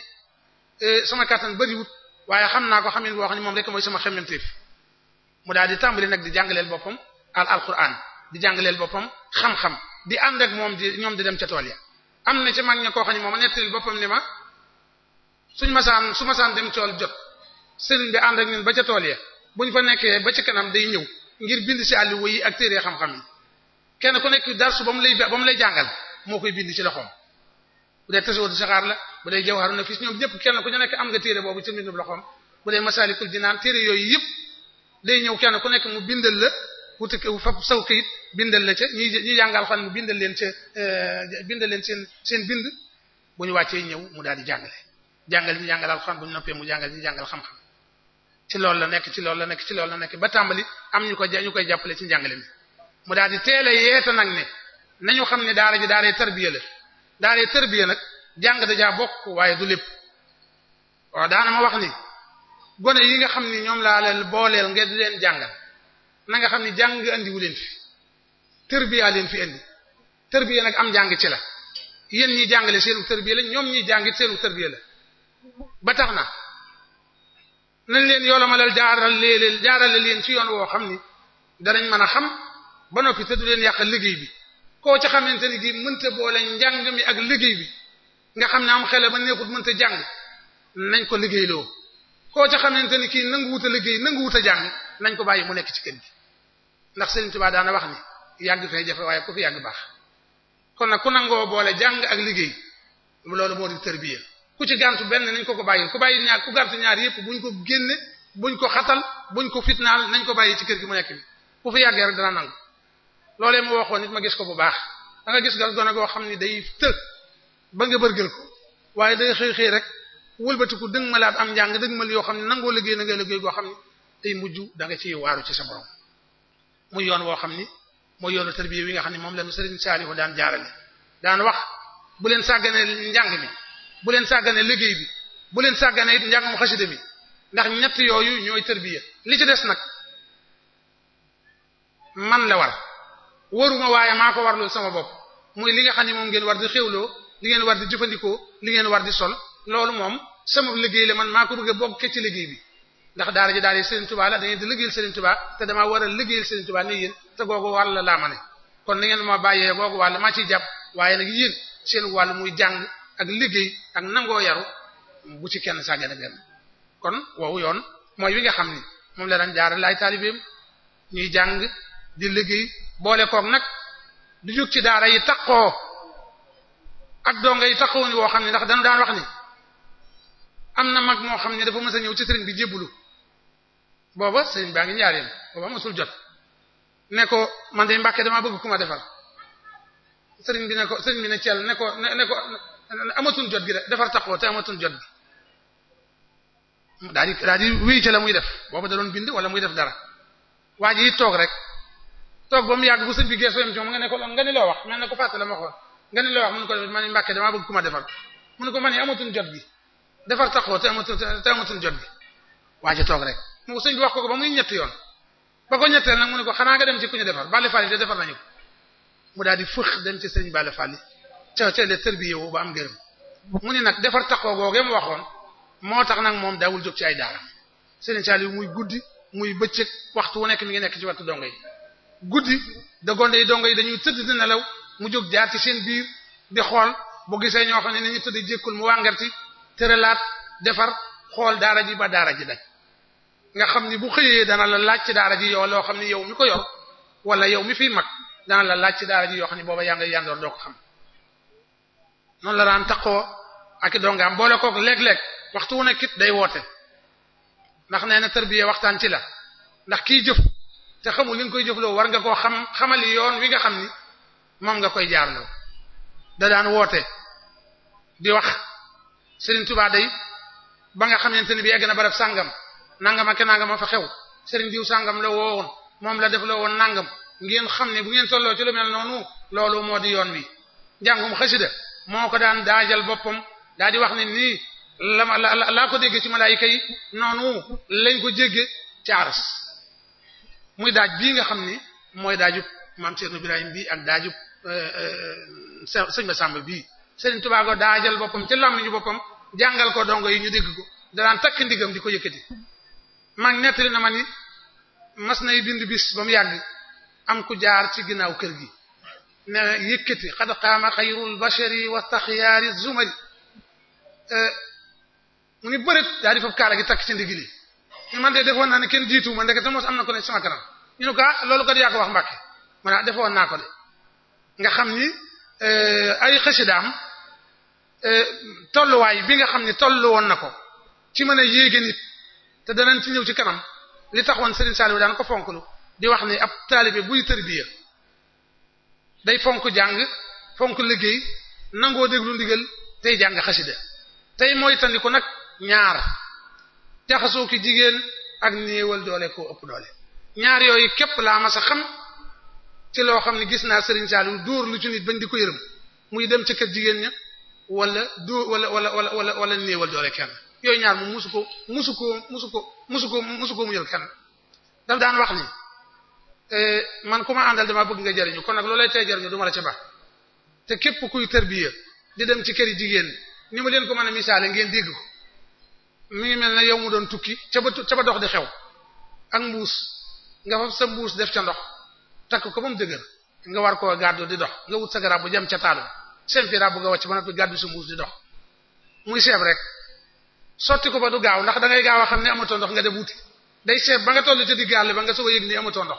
e, sama kattan bëriwut waaye xam naa ko xam boo xam ne moom rek mooy sama xemmemteef mu daal di tàmbali nag di jàngaleel boppam al alquran di jàngaleel boppam xam-xam di ànd ak moom di ñoom di dem ca tool ya am na ci mag ña koo xam ne moom a nettali boppam ne ma suñ masaan su masaan dem tool jot sëriñ bi ànd ak ñun ba ca tool ya buñ fa nekkee ba ci kanam day ñëw ngir bind ci àlliwa yi ak téere xam-xam yi kenn ku nekk darsu ba mu lay ba lay jàngal moo koy bind ci loxoom bu dee tasawudu saxaar la bu dee na nafis ñoom ñëpp kenn ku ñu nekk am nga téere boobu ci mbindum loxoom bu dee masaalikul jinaan téere yooyu yëpp day ñëw kenn ku nekk mu bindal la wuti fab saw kayit bindal la ca ñi ñi jàngal xam bindal leen ca eh, bindal leen seen seen bind bu ñu wàccee ñëw mu daal di jàngale jàngal ñi jàngal alxuraan bu noppee mu jàngal ñi jàngal xam ci loolu la nekk ci loolu la nekk ci loolu la nekk ba tàmbali am ñu ko ñu koy jàppale ci njàngale mi mu daal di teel a yeeta nag ne nañu xam ne daara ji daaree tarbiya la daaree tarbiya nag jàng dajaa bokk waaye du lépp waa daana ma wax ni gone yi nga xam ni ñoom laa leen booleel ngeen di leen jàngal na nga xam ni jàng andiwu leen fi tërbiya leen fi indi tërbiya nag am jàng ci la yéen ñi jàngale seenu tërbiya la ñoom ñi jàng seenu tërbiya la ba tax na nañ leen la jaaral leen jaarale leen ci yoon woo xam ni danañ mën a xam ba noppi te du leen yàq liggéey bi koo ca xamante ni gi mënta boole njàng mi ak liggéey bi nga xam ne am xele ba neexut mënta jàng nañ ko liggéeyloo koo ca xamante ni kii nangu wut liggéey nangu wut jàng nañ ko bàyyi mu nekk ci kër gi ndax Serigne Touba daana wax ni yàgg fee jafe waaye ku fi yàgg baax kon nag ku nangoo boole jàng ak liggéey loolu moo di tërbiya ku ci gàntu benn nañ ko ko bàyyi ku bàyyi ñaar ku gàntu ñaar yépp buñ ko génne buñ ko xatal buñ ko fitnaal nañ ko bàyyi ci kër gi mu nekk ni ku fi yàggee rek dana nangu loolee moo waxoon nit ma gis ko bu baax da gis gal gone goo xam ni day të ba nga bër bërgël ko waaye day xëy xëy rek wëlbatiku dëgg malaat am njàng dëgg mal yoo xam ne nangoo liggéey na nga liggéey goo xam ne day mujj da nga ciy waaru ci sa borom muy yoon woo xam ni mooy yoonu tarbiya wi nga xam ne moom la ñu Serigne Saliou daan jaarale daan wax bu leen sàgganee njàng mi bu leen sàgganee liggéey bi bu leen sàggane it njàngam xasida mi ndax ñett yooyu ñooy tarbiya li ci des nag man la war waruma waaye maa ko war warloo sama bopp muy li nga xam ne moom ngeen war di xewloo li ngeen war di jëfandikoo li ngeen war di sol loolu moom sama liggéey la man maa ko bëgg a bokk ci liggéey bi ndax daara ji daara yi Serigne Touba la da ngeen di liggéeyal Serigne Touba te damaa war a liggéeyal Serigne Touba ni yéen te googu wàll laa ma kon ni ngeen ma bàyyee googu wàll ma ciy jàpp waaye nag yéen seen wàll muy jàng ak liggéey ak nangoo yaru bu ci kenn sàggee na benn kon woowu yoon mooy wi nga xam ni moom la jaar jaarale ay taalibeem ñuy jàng di liggéey boole koog nag du jóg ci daara yi taqoo ak donga yi taqoo woo xam ne ndax dañu daan wax ni am na mag moo xam ne dafa mës a ñëw ci sëriñ bi jébbalu booba sëriñ baa ngi njaareem booba mosul jot ne ko man de Mbàkke damaa bëgg ku ma defal sëriñ bi ne ko sëriñ bi ne Thiel ne ko ne ko amatul jot gi de defar taxaw te amatul jot gi daal di daal di muy def booba da bind wala muy def dara waa ji toog rek toog ba bu sëñ bi geesoo yam ci moom nga ne ko nga ni loo ne ko fàtte la ma xool nga ni Mbàkke damaa bëgg ku ma defal mun ko man amatul jot gi defar taxaw te amatul te amatul jot gi waa ji toog rek. mu sëñ bi wax ko ko ba muy ñetti yoon ba ko ñetteel nag mu ne ko xanaa nga dem ci ku ñu defar Balla Fall yi de defar nañu ko mu daal di fëx dem ci sëñ Balla Fall yi ca ca le tërbiye wu ba am gërëm mu ne nag defar taxaw googu mu waxoon moo tax nag moom daawul jóg ci ay daara sëñ Saliou muy guddi muy bëccëg waxtu wu nekk mi ngi nekk ci wetu dongo yi guddi da gonde yi dongo yi dañuy tëdd di nelaw mu jóg jaar ci seen biir di xool bu gisee ñoo xam ne nañu tëdd jékkul mu wàngarti tëralaat defar xool daara ji ba daara ji daj nga xam ni bu xëyee dana la laaj ci daara ji yoo loo xam ni yow mi ko yor wala yow mi fiy mag dana la laaj ci daara ji yoo xam ni booba yaa nga yandoor doo ko xam noonu la daan taqoo ak dongaam boole kook léeg-léeg waxtu wu nekk it day woote ndax nee na tarbiya waxtaan ci la ndax kii jëf te xamul li nga koy jëfloo war nga koo xam xamali yoon wi nga xam ni moom nga koy jaarloo da daan woote di wax Serigne Touba day ba nga xamante ni bi egg na barab sàngam nangam ak nangam a fa xew sëriñ diw sàngam la woowoon moom la def la woon nangam ngeen xam ne bu ngeen tolloo ci lu noonu loolu moo di yoon wi njàngum xasida moo ko daan daajal boppam daa di wax ni nii la la laa ko déggee ci malaayika yi noonu lañ ko jéggee ci aras muy daaj bii nga xam ni mooy daajub maam Cheikh Ibrahim bii ak daajub euh, euh, sëñ ba sàmb bii Sëriñ Tuubaa ko daajal boppam ci lam ñu boppam jàngal ko dongo yi ñu dégg ko danaan takk ndigam di ko yëkkati mag nettali na ma ni mas nay bind bis ba mu yàgg am ku jaar ci ginnaaw kër gi ne yëkkati xad qaama xayrul bashari wastaxyaari zumari e, mu ni bërit daa di fab kaala gi takk ci ndigg li man de defoon naa ni kenn jiitu ma ndeke te moos am na ko ne sama kanam ñu ne ko ah, loolu kat yaa ko wax Mbàkke ma ne ah, defoon naa ko de nga xam ni e, ay xasidaam e, tolluwaay bi nga xam ni toll woon na ko ci mën a yéege te danañ ci ñëw ci kanam li taxoon Serigne Saliou daan ko fonklu di wax ni ab taalibe buy tërbiya day fonk jàng fonk liggéey nangoo déglu ndigal tey jàng xasida tey mooy tandiku nag ñaar jaxasoo ki jigéen ak néewal doole ko ëpp doole ñaar yooyu képp laa ma xam ci loo xam ne gis naa Serigne Saliou dóor lu ci nit bañ di ko yërëm muy dem ci kër jigéen ña walla dóor wala wala wala wala néewal doole kenn yooyu ñaar moom musu ko musu ko musu ko musu ko musu ko mu jël kenn daf daan wax ni eh, man ku ma àndal dama bëgg nga jariñu kon nag loolay tey jariñu du ma la ca ba te képp kuy tërbiya di dem ci kër yi jigéen ni ma leen ko mën a misaale ngeen dégg ko mi ngi mel ne yow mu doon tukki ca ba ca ba dox di xew ak mbuus nga fa sa mbuus def ca ndox takk ko ba mu dëgër nga war koo gàddu di dox nga wut sa garab bu jëm ca taal bi seen fi raab bu nga wàcc ba noppi gàddu sa mbuus di dox muy seeb sotti ko ba du gaaw ndax dangay gaaw a xam ne amatoo ndox nga dem wuti day seet ba nga toll ca di ba nga soog a yëg ni amatoo ndox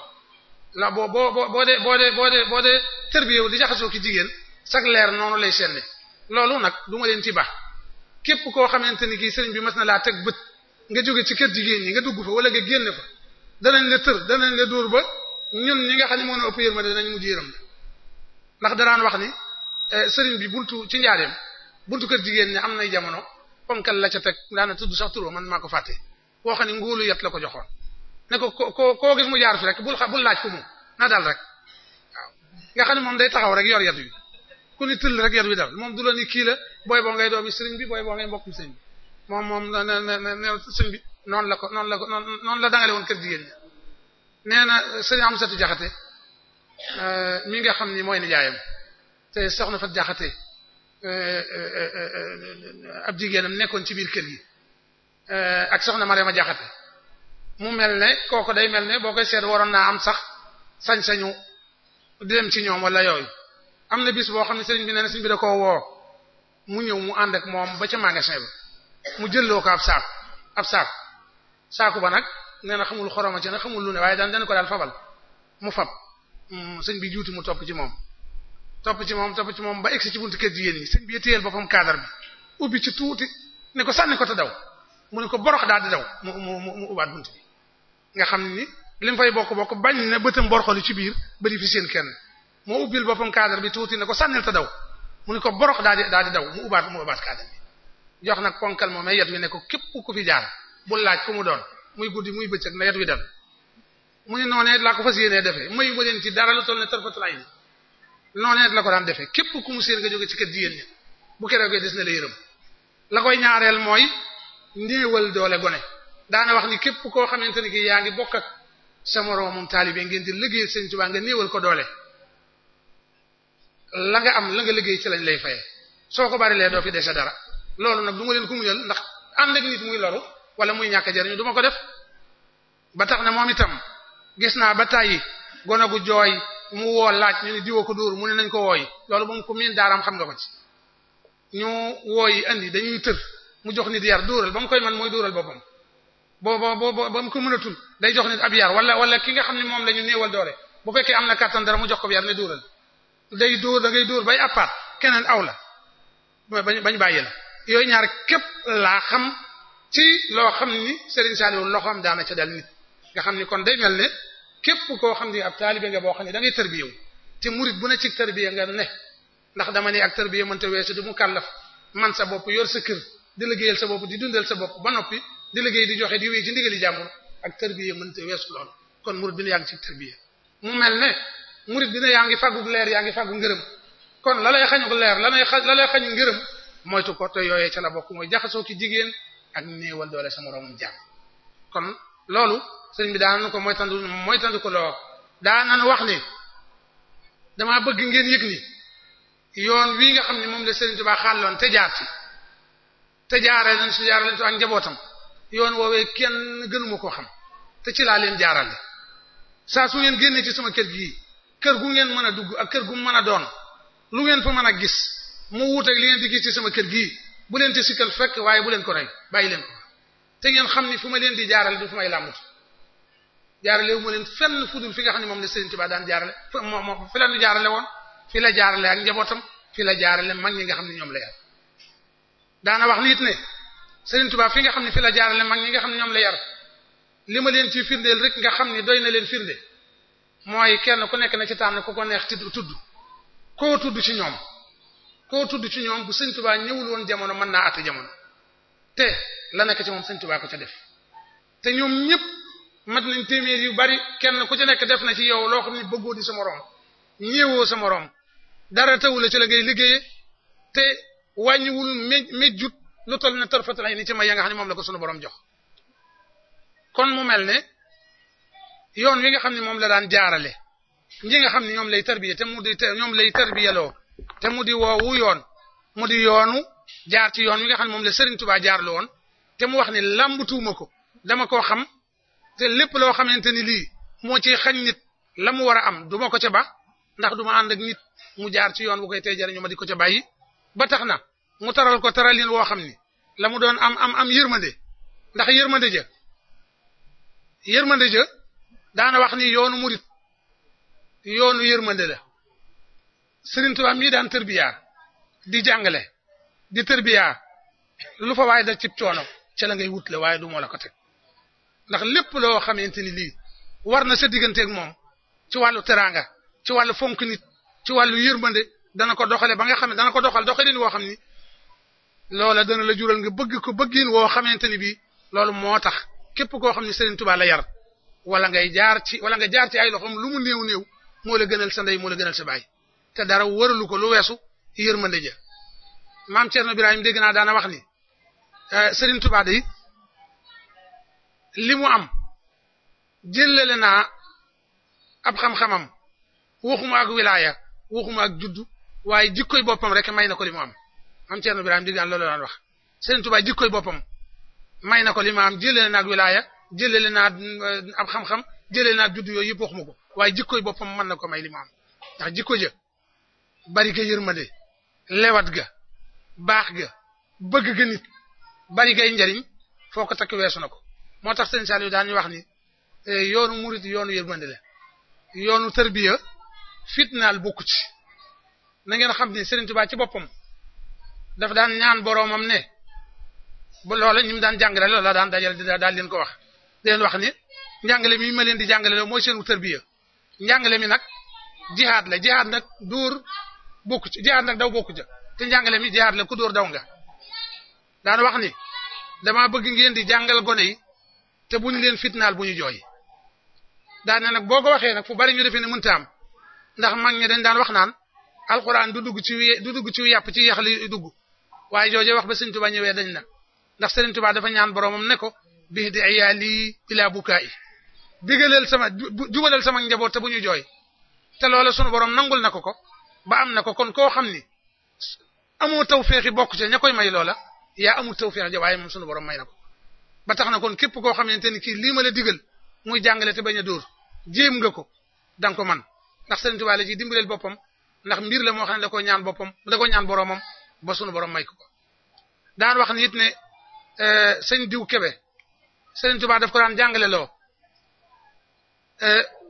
la boo boo boo boo dee boo dee boo dee boo dee tërbiyewu di jaxasoo ki jigéen sag leer noonu lay seetne loolu nag du ma leen ci baax képp koo xamante ni kii sëriñ bi mas na laa teg bët nga jóge ci kër jigéen ñi nga dugg fa wala nga génn fa danañ la tër danañ la dóor ba ñun ñi nga xam ne moom na ëpp yërmande danañ mujj yërëm ndax danaan wax ni eh, sëriñ bi buntu ci njaareem buntu kër jigéen ñi am nay jamono ponkal la ca teg daana tudd sax turo man maa ko fàtte koo xam ne nguulu yet la ko joxoon ne ko ko koo gis mu jaar fi rek bul laaj ko mu na dal rek waaw nga xam ne moom day taxaw rek yor yet wi ku ni tëll rek yet wi dal moom du la ni kii la booy boo ngay doomi sëriñ bi booy boo ngay mbokkum sëriñ bi moom moom na na na sëriñ bi noonu la ko noonu la ko noonu la dangale woon kër jigéen ñi nee na eh, sëriñ Amsatu Jaxate eh, mi nga xam ni mooy nijaayam te soxna Fat Jaxate Euh, euh, euh, ab jigéenam nekkoon ci biir kër gi ak soxna Mariama Jaxate mu mel ne kooku day mel ne boo koy seet waroon naa am sax sañ-sañu di dem ci ñoom walla yooyu am na bis boo xam ne sëriñ bi nee na sëriñ da koo woo mu ñëw mu ànd ak moom ba ca magasin ba mu jëlloo ko ab saaku ab saaku saaku ba nag nee na xamul xoroma ci ne xamul lu ne waaye daan dana ko daal fabal mu fab mm, sëñ bi juuti mu topp ci moom topp ci moom topp ci moom ba egsi ci buntu kër jigéen ñi sëñ bi téyeel boppam cadre bi ubbi ci tuuti ne ko sànni ko te daw mu ne ko borox daal di daw mu mu mu ubaat bunt bi nga xam ni li mu bokk bokk bañ na bëtam borxolu ci biir bëri kenn moo ubbil boppam cadre bi tuuti ne ko sànnil te daw mu ne ko borox daal di daal di daw mu ubaat mu ubaat cadre bi jox nag ponkal moom yet wi ne ko képp ku fi jaar bu laaj ku mu doon muy guddi muy bëccëg na yet wi dal mu ne noonee laa ko fas yéenee defee mayu ma leen ci dara lu toll ne tarfatulaay ni noonee la ko daan defee képp ku mu séen nga jóge ci kër jigéen ña bu keroogee des na la yërëm la koy ñaareel mooy néewal doole gone daana wax ni képp koo xamante ni ki yaa ngi bokk ak sa moroomum taalibe ngeen di liggéey Sëriñ Tuubaa nga néewal ko doole la nga am la nga liggéey ci lañ lay faye soo ko bari lee doo fi dese dara loolu nag du ma leen ko muñal ndax ànd ak nit muy loru wala muy ñàkk jariñu du ma ko def ba tax na moom itam gis naa ba tàyyi gone gu jooy mu woo laaj ñu ne diwoo ko dóor mu ne nañ ko wooy loolu moom ku miin daaraam xam nga ko ci ñu wooyi andi dañuy tër mu jox nit yar dóoral ba mu koy man mooy dóoral boppam bo bo bo ba mu ko mënatul day jox nit ab yar wala wala ki nga xam ne moom la ñu néewal doole bu fekkee am na kattan dara mu jox ko yar ne dóoral day dóor da ngay dóor bay appaat keneen aw la bañ bañ bàyyi la yooyu ñaar képp laa xam ci loo xam ni Serigne Saliou loxoom daana ca dal nit nga xam ni kon day mel képp koo xam ne ab taalibe nga boo xam ne dangay ngay tarbiyewu te murid bu ne ci tarbiya nga ne ndax dama ne ak tarbiya mënta weesu du mu kàllaf man sa bopp yor sa kër di liggéeyal sa bopp di dundal sa bopp ba noppi di liggéey di joxe di wéy ci ndigali jàmbur ak tarbiya mënta weesu lool kon murid bi ne yaa ngi ci tarbiya mu mel ne murid ne yaa ngi fàggu leer yaa ngi fàggu ngërëm kon la lay xañu leer la lay la lay xañu ngërëm moytu ko te yooyee ca la bokk mooy jaxasoo ki jigéen ak néewal doole sa moroomam jàmm loolu sëriñ bi daan na ko moytandu moytandu ko loo daan nañu wax ni damaa bëgg ngeen yëg ni yoon wii nga xam ne moom la sëriñ Tuubaa xàlloon te jaar ci te jaaree nañ si jaarale njabootam yoon woowee kenn gënuma ko xam te ci laa leen jaarale saa su ngeen génnee ci sama kër gi kër gu ngeen mën a dugg ak kër gu mën a doon lu ngeen fa mën a gis mu wuuteeg li ngeen di gis ci sama kër gi bu leen te sikkal fekk waaye bu leen ko rey bàyyi leen te ngeen xam ni fu ma leen di jaarale du fu may làmbatu jaarale wu ma leen fenn fudul fi nga xam ne moom la Serigne Touba daan jaarale moo moo fi la ñu woon fi la jaarale ak njabootam fi la jaarale mag ñi nga xam ne ñoom la yar daana wax nit ne Serigne tubaab fi nga xam ne fi la jaarale mag ñi nga xam ne ñoom la yar li ma leen ci firndeel rek nga xam ni doy na leen firnde mooy kenn ku nekk na ci tànn ku ko neex ti tudd koo tudd ci ñoom koo tudd ci ñoom bu Serigne Touba ñëwul woon jamono mën naa àtte jamono te la nekk ci moom sëñ Tuubaa def te ñoom ñëpp mat nañ téeméer yu bari kenn ku ci nekk def na ci yow loo xam ne bëggoo di sa moroom ñeewoo sa moroom dara wul la ci la ngay liggéeye te wàññiwul mej mejjut lu toll ne tarfatal ay ni ci ma ya nga xam ne moom la ko sunu borom jox kon mu mel ne yoon wi nga xam ne moom la daan jaarale ñi nga xam ne ñoom lay tarbiya te mu di ñoom lay tarbiyaloo te mu di woowu yoon mu di yoonu jaar ci yoon wi nga xam ne moom la Serigne Touba jaar la woon te mu wax ne làmbtuuma ko dama koo xam te lépp loo xamante ni lii moo ci xañ nit la mu war a am du ma ko ca ba ndax du ma ànd ak nit mu jaar ci yoon bu koy tey jariñu ma di ko ca bàyyi ba tax na mu taral ko taralin woo xam ni la mu doon am am am yërmande ndax yërmande ja yërmande wax ni yoonu murit yoonu yërmande la Serigne Touba mii daan tërbiyaar di jàngale di tërbiyaa lu fa waay dal cib coono ca la ngay wutle waaye du moo ko teg ndax lépp loo xamante ni lii war na sa digganteeg moom ci wàllu teraanga ci wàllu fonk nit ci wàllu yërmande dana ko doxale ba nga xam ne dana ko doxal doxalin woo xam ni loola dana la jural nga bëgg ko bëggin woo xamante ni bii loolu moo tax képp koo xam ne Serigne tubaal la yar wala ngay jaar ci wala nga jaar ci ay loxoom lu mu néew néew moo la gënal sa ndey moo la gënal sa baay te dara waralu ko lu weesu yërmande ja maam Thierno Ibrahim dégg naa daan wax ni eh, Serigne Touba de li mu am jëllale naa ab xam-xamam waxuma ak wilaya waxuma ak juddu waaye jikkoy boppam rek may na ko li mu am maam Thierno Ibrahim dégg naa loolu daan wax Serigne boppam may na ko li mu am jëllale naa ak wilaya jëllale naa eh, ab xam-xam jëllale naa juddu yooyu yëpp waxuma ko waaye jikkoy boppam mën na ko may li mu am ndax jikko ja bari ga lewat ga baax ga bëgg ga nit bari njariñ foo ko takk weesu na ko moo tax sëñ Saliou daan ñu wax ni eh, yoonu murit yoonu yërmande la yoonu tarbiya fitnaal bokku ci na ngeen xam ne Serigne Touba ci boppam daf daan ñaan boroomam ne ba loola ñu mu daan jàngale loola daan dajal daal leen ko wax di leen wax ni njàngale mi leen di jàngale mooy seenu tarbiya njàngale mi nag jihaad la jihaad nag duur bokku ci jihaad nag daw bokku ca te njàngale mi jihaad la ku dóor daw nga daan wax ni dama bëgg ngeen di jàngal gone yi te buñ leen fitnaal bu ñu jooy daan na nag boo ko waxee nag fu bari ñu defee ne mënta am ndax mag ñi dañ daan wax naan alxuraan du dugg ci du dugg ci yàpp ci yax li dugg waaye jooje wax ba sëñ Tuba ñëwee dañ na ndax sëriñ Tuba dafa ñaan boromam ne ko bii di ayaali ila bukaay digaleel sama jubaleel sama njaboot te bu ñu jooy te loole sunu borom nangul na ko ko ba am na ko kon koo xam ni amoo tawféexi bokk ci ña koy may loola yaa amul tawféex ja waaye moom sunu borom may na ko ba tax na kon képp koo xamante ni kii lii ma la digal muy jàngale te bañ a dóor jéem nga ko da ko man ndax Sëriñ Tuubaa la ci dimbaleel boppam ndax mbir la moo xam ne da ko ñaan boppam da ko ñaan boromam ba sunu borom may ko ko daan wax ni it ne e, sëñ diw kebe Sëriñ daf ko daan jàngale loo e,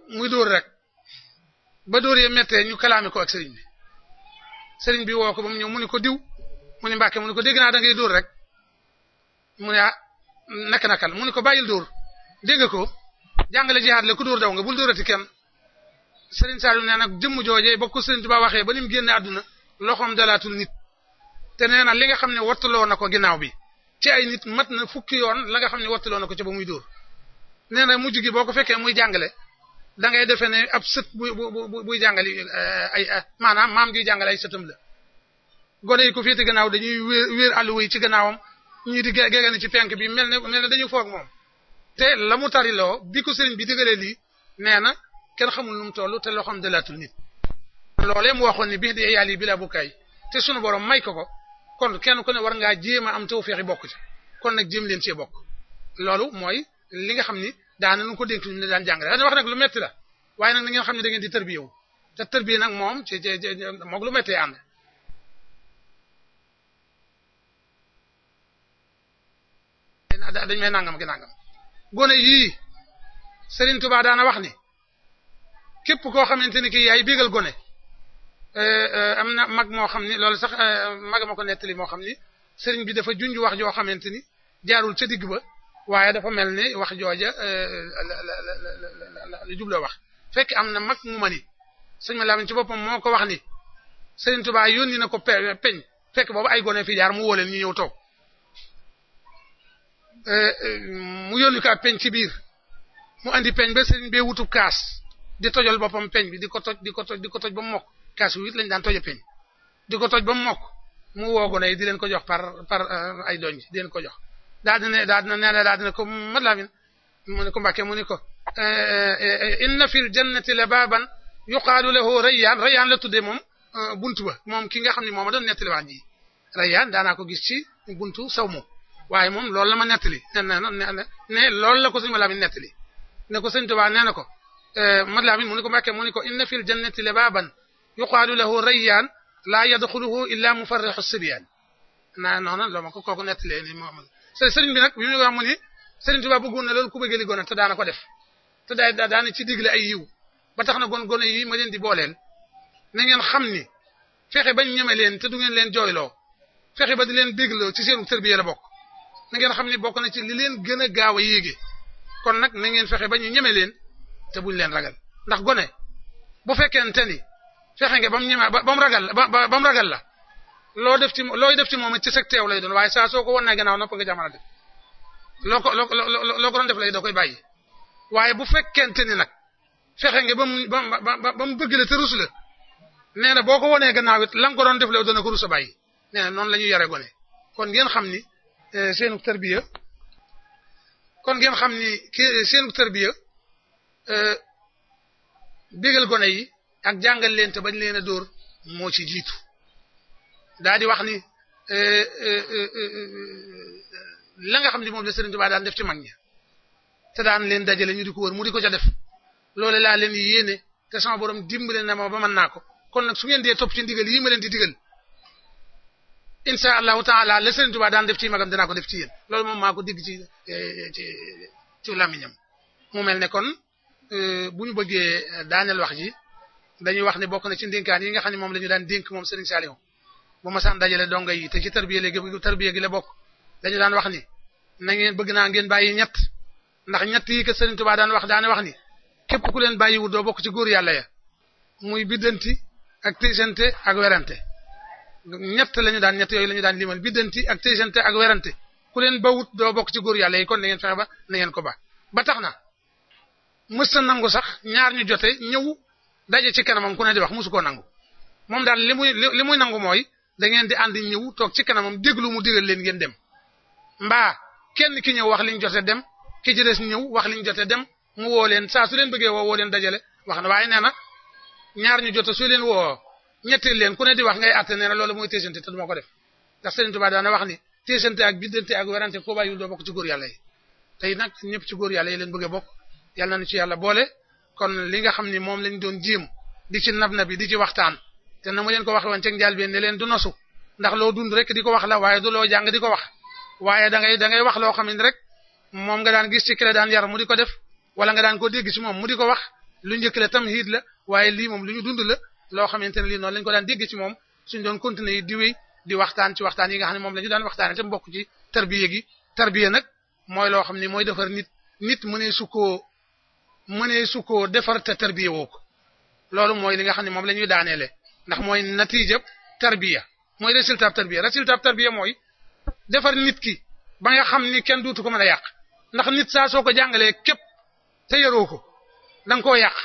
muy dóor rek ba dóor ya mettee ñu kalaami ko ak sëriñ bi sëriñ bi woo ko ba mu ñëw mu ni ko diw mu ni Mbàkke mu ni ko dégg naa da ngay dóor rek mu ne ah nak nakal mu ni ko bàyyil dóor dégg nga ko jàngale jihaad la ku dóor daw nga bul dóorati kenn sëriñ Saliou nee nag jëmm joojee ba ko sëriñ Tuubaa waxee ba ni mu génne àdduna loxoom dalaatul nit te nee na li nga xam ne wattaloo na ko ginnaaw bi ci ay nit mat na fukki yoon la nga xam ne wattaloo na ko ci ba muy dóor nee na mujj gi boo ko fekkee muy jàngale da ngay defee ne ab sët bu bu buy jàngale eh, ay eh, maanaam maam juy jàngale ay sëtam la gone yi ko féete gannaaw dañuy wéer wéer àlluwa yi ci gannaawam ñii di gegani ci penk bi mel ne mel ne dañu foog moom te la mu loo bi ko sëriñ bi digalee lii nee na kenn xamul nu mu toll te loo xam dalaatul nit loole mu waxoon ni bii di yàlla yi bi la bu kay te sunu borom may ko ko kon kenn ku ne war ngaa jéem a am tawfeex yi bokk ci kon nag jéem leen cee bokk loolu mooy li nga xam ni daanañ ko dénk lu daan jàngale dañu wax nag lu metti la waaye nag na ngeen xam ne da ngeen di tërbiyewu te tërbiye nag moom ci ci moog lu metti am dañ may nangam gi nangam gone yii Serigne tubaa daana wax ni képp koo xamante ni kii yaay bégal gone eh, eh, am na mag moo xam ni loolu sax eh, mag ma ko nettali moo xam ni Serigne bi dafa junj wax joo xamante ni jaarul ca digg waaye dafa mel ni wax jooja euh, la la la la la jubloo wax fekk am na mag mu ma ni sëñ ma laamin ci boppam moo ko wax ni Sëriñ Tuubaa yónni na ko peñ fekk boobu ay gone fi jaar mu woo leen ñu ñëw toog euh, euh, mu yónni ko ab peñ ci biir mu andi peñ ba sëriñ bee wutub kaas di tojal boppam peñ bi di ko toj di ko toj di ko toj ba mu mokk kaas wi it lañ daan toje peñ di ko toj ba mu mokk mu woo gone yi di leen ko jox par par ay doñ di leen ko jox daal di ne daal di ne daal di ne ko man eh, eh, eh, laa mu ne ko Mbàkke mu ne ko inna fil jannati la baaban yuqaalu lahu Rayyaan la tuddee moom buntu ba moom ki nga xam ne moom a doon nettali wax ji Rayyaan daanaa ko gis ci buntu saw moom waaye moom loolu la ma nettali nee na ne loolu la ko sëñ Malaamin nettali ne ko sëñ Tuubaa nee na ko Malaamin mu ne ko mu ne ko inna fil jannati la baaban yuqaalu lahu Rayyaan laa yadxuluhu illaa mufarrixu sibyaan naa la ma ko kooku nettalee ni sëriñ bi nag bi ñu ko wax mu ni sëriñ Tuubaa bëggoon na loolu ku bëggee li gone te daana ko def te daay daana ci digle ay yiw ba tax na gon gone yi ma leen di booleel na ngeen xam ni fexe bañ ñeme leen te du ngeen leen jooyloo fexe ba di leen bégloo ci seenu tërbiya la bokk na ngeen xam ni bokk na ci li leen gën gaaw a yéege kon nag na ngeen fexe ba ñu ñeme leen te buñ leen ragal ndax gone bu fekkente ni fexe nga ba mu ñeme ba mu ragal ba mu ragal la loo def ci looy def ci moom ci seg teew lay doon waaye saa soo ko wan na gannaaw nopp nga jaamara def loo ko loo ko loo def lay da koy bàyyi waaye bu fekkente ni nag fexe nga ba mu ba ba mu bëgg la te rus la nee na boo ko wonee gannaaw it ko doon def la dana ko rus a bàyyi nee na noonu la ñuy yore gone kon ngeen xam ni eh, seenu tarbiya kon ngeen xam ni ki seenu tarbiya eh, bégal gone yi ak jàngal leen bañ leen a dóor moo ci jiitu daa di wax ni eh, eh, eh, la nga xam ne moom la Serigne Touba daan def ci mag ñi te daan leen dajale ñu di ko wër mu di ko ca def loole laa leen yéene te sama borom dimbale na ma ba man naa ko kon nag su ngeen dee topp ci ndigal yi ma leen di digal incha allahu taala la Serigne Touba daan def ci magam dinaa ko def ci yéen lool moom maa ko digg ci ci ci làmmiñam mu mel ne kon bu ñu bëggee daaneel wax ji dañuy wax ne bokk na ci ndénkaan yi nga xam ne moom la ñu daan dénk moom Serigne Saliou bu ma saan dajale donga yi te ci tarbiya léegi tarbiya gi la bokk dañu daan wax ni na ngeen bëgg naa ngeen bàyyi ñett ndax ñett yi ko Serigne Touba daan wax daane wax ni képp ku leen bàyyiwul doo bokk ci góor yàlla ya muy biddanti ak téysante ak werante ñett lañu daan ñett yooyu lañu daan limal biddanti ak téysante ak werante ku leen bawut doo bokk ci góor yàlla yi kon na ngeen fexe ba na ngeen ko ba ba tax na mës nangu sax ñaar ñu jote ñëw daje ci kanamam ku ne di wax musu koo nangu moom li muy li mooy da ngeen di ànd ñëw toog ci kanamam déglu mu digal leen ngeen dem mbaa kenn ki ñëw wax liñ jote dem ki ci des ñëw wax liñ jote dem mu woo leen saa su leen bëggee woo woo leen dajale wax na waaye nee na ñaar ñu jota su leen woo ñetteel leen ku ne di wax ngay àtte loolu mooy téesante te duma ko def ndax Serigne Touba daana wax ni téesante ak biddante ak werante koo bàyyiwul doo bokk ci góor yàlla tey nag ñëpp ci góor yàlla yi leen bëgg a bokk yàlla na ci yàlla boole kon li nga xam ni moom lañ doon jéem di ci nab na bi di ci waxtaan te na mu leen ko waxe woon ceeg njaal bi ne leen du nosu ndax loo dund rek di ko wax la waaye du loo jàng di ko wax waaye dangay ngay wax loo xam ne rek moom nga daan gis ci kile daan yar mu di ko def wala nga daan ko dégg ci moom mu di ko wax lu njëkk la tamhid la waaye lii moom lu ñu dund la loo xamante ne lii noon lañ ko daan dégg ci moom suñ doon continuer di wéy di waxtaan ci waxtaan yi nga xam ne moom la ñu daan waxtaane te mbokk ci tarbiya gi tarbiya nag mooy loo xam ne mooy defar nit nit mënee su koo mënee su koo defar woo ko loolu mooy li nga xam ne moom la ñuy daaneele ndax mooy natiijab tarbiya mooy résultat tarbiya résultat tarbiya mooy defar nit ki ba nga xam ni kenn duutu ko mën a yàq ndax nit saa soo ko jàngalee képp te yaroo ko da nga yàq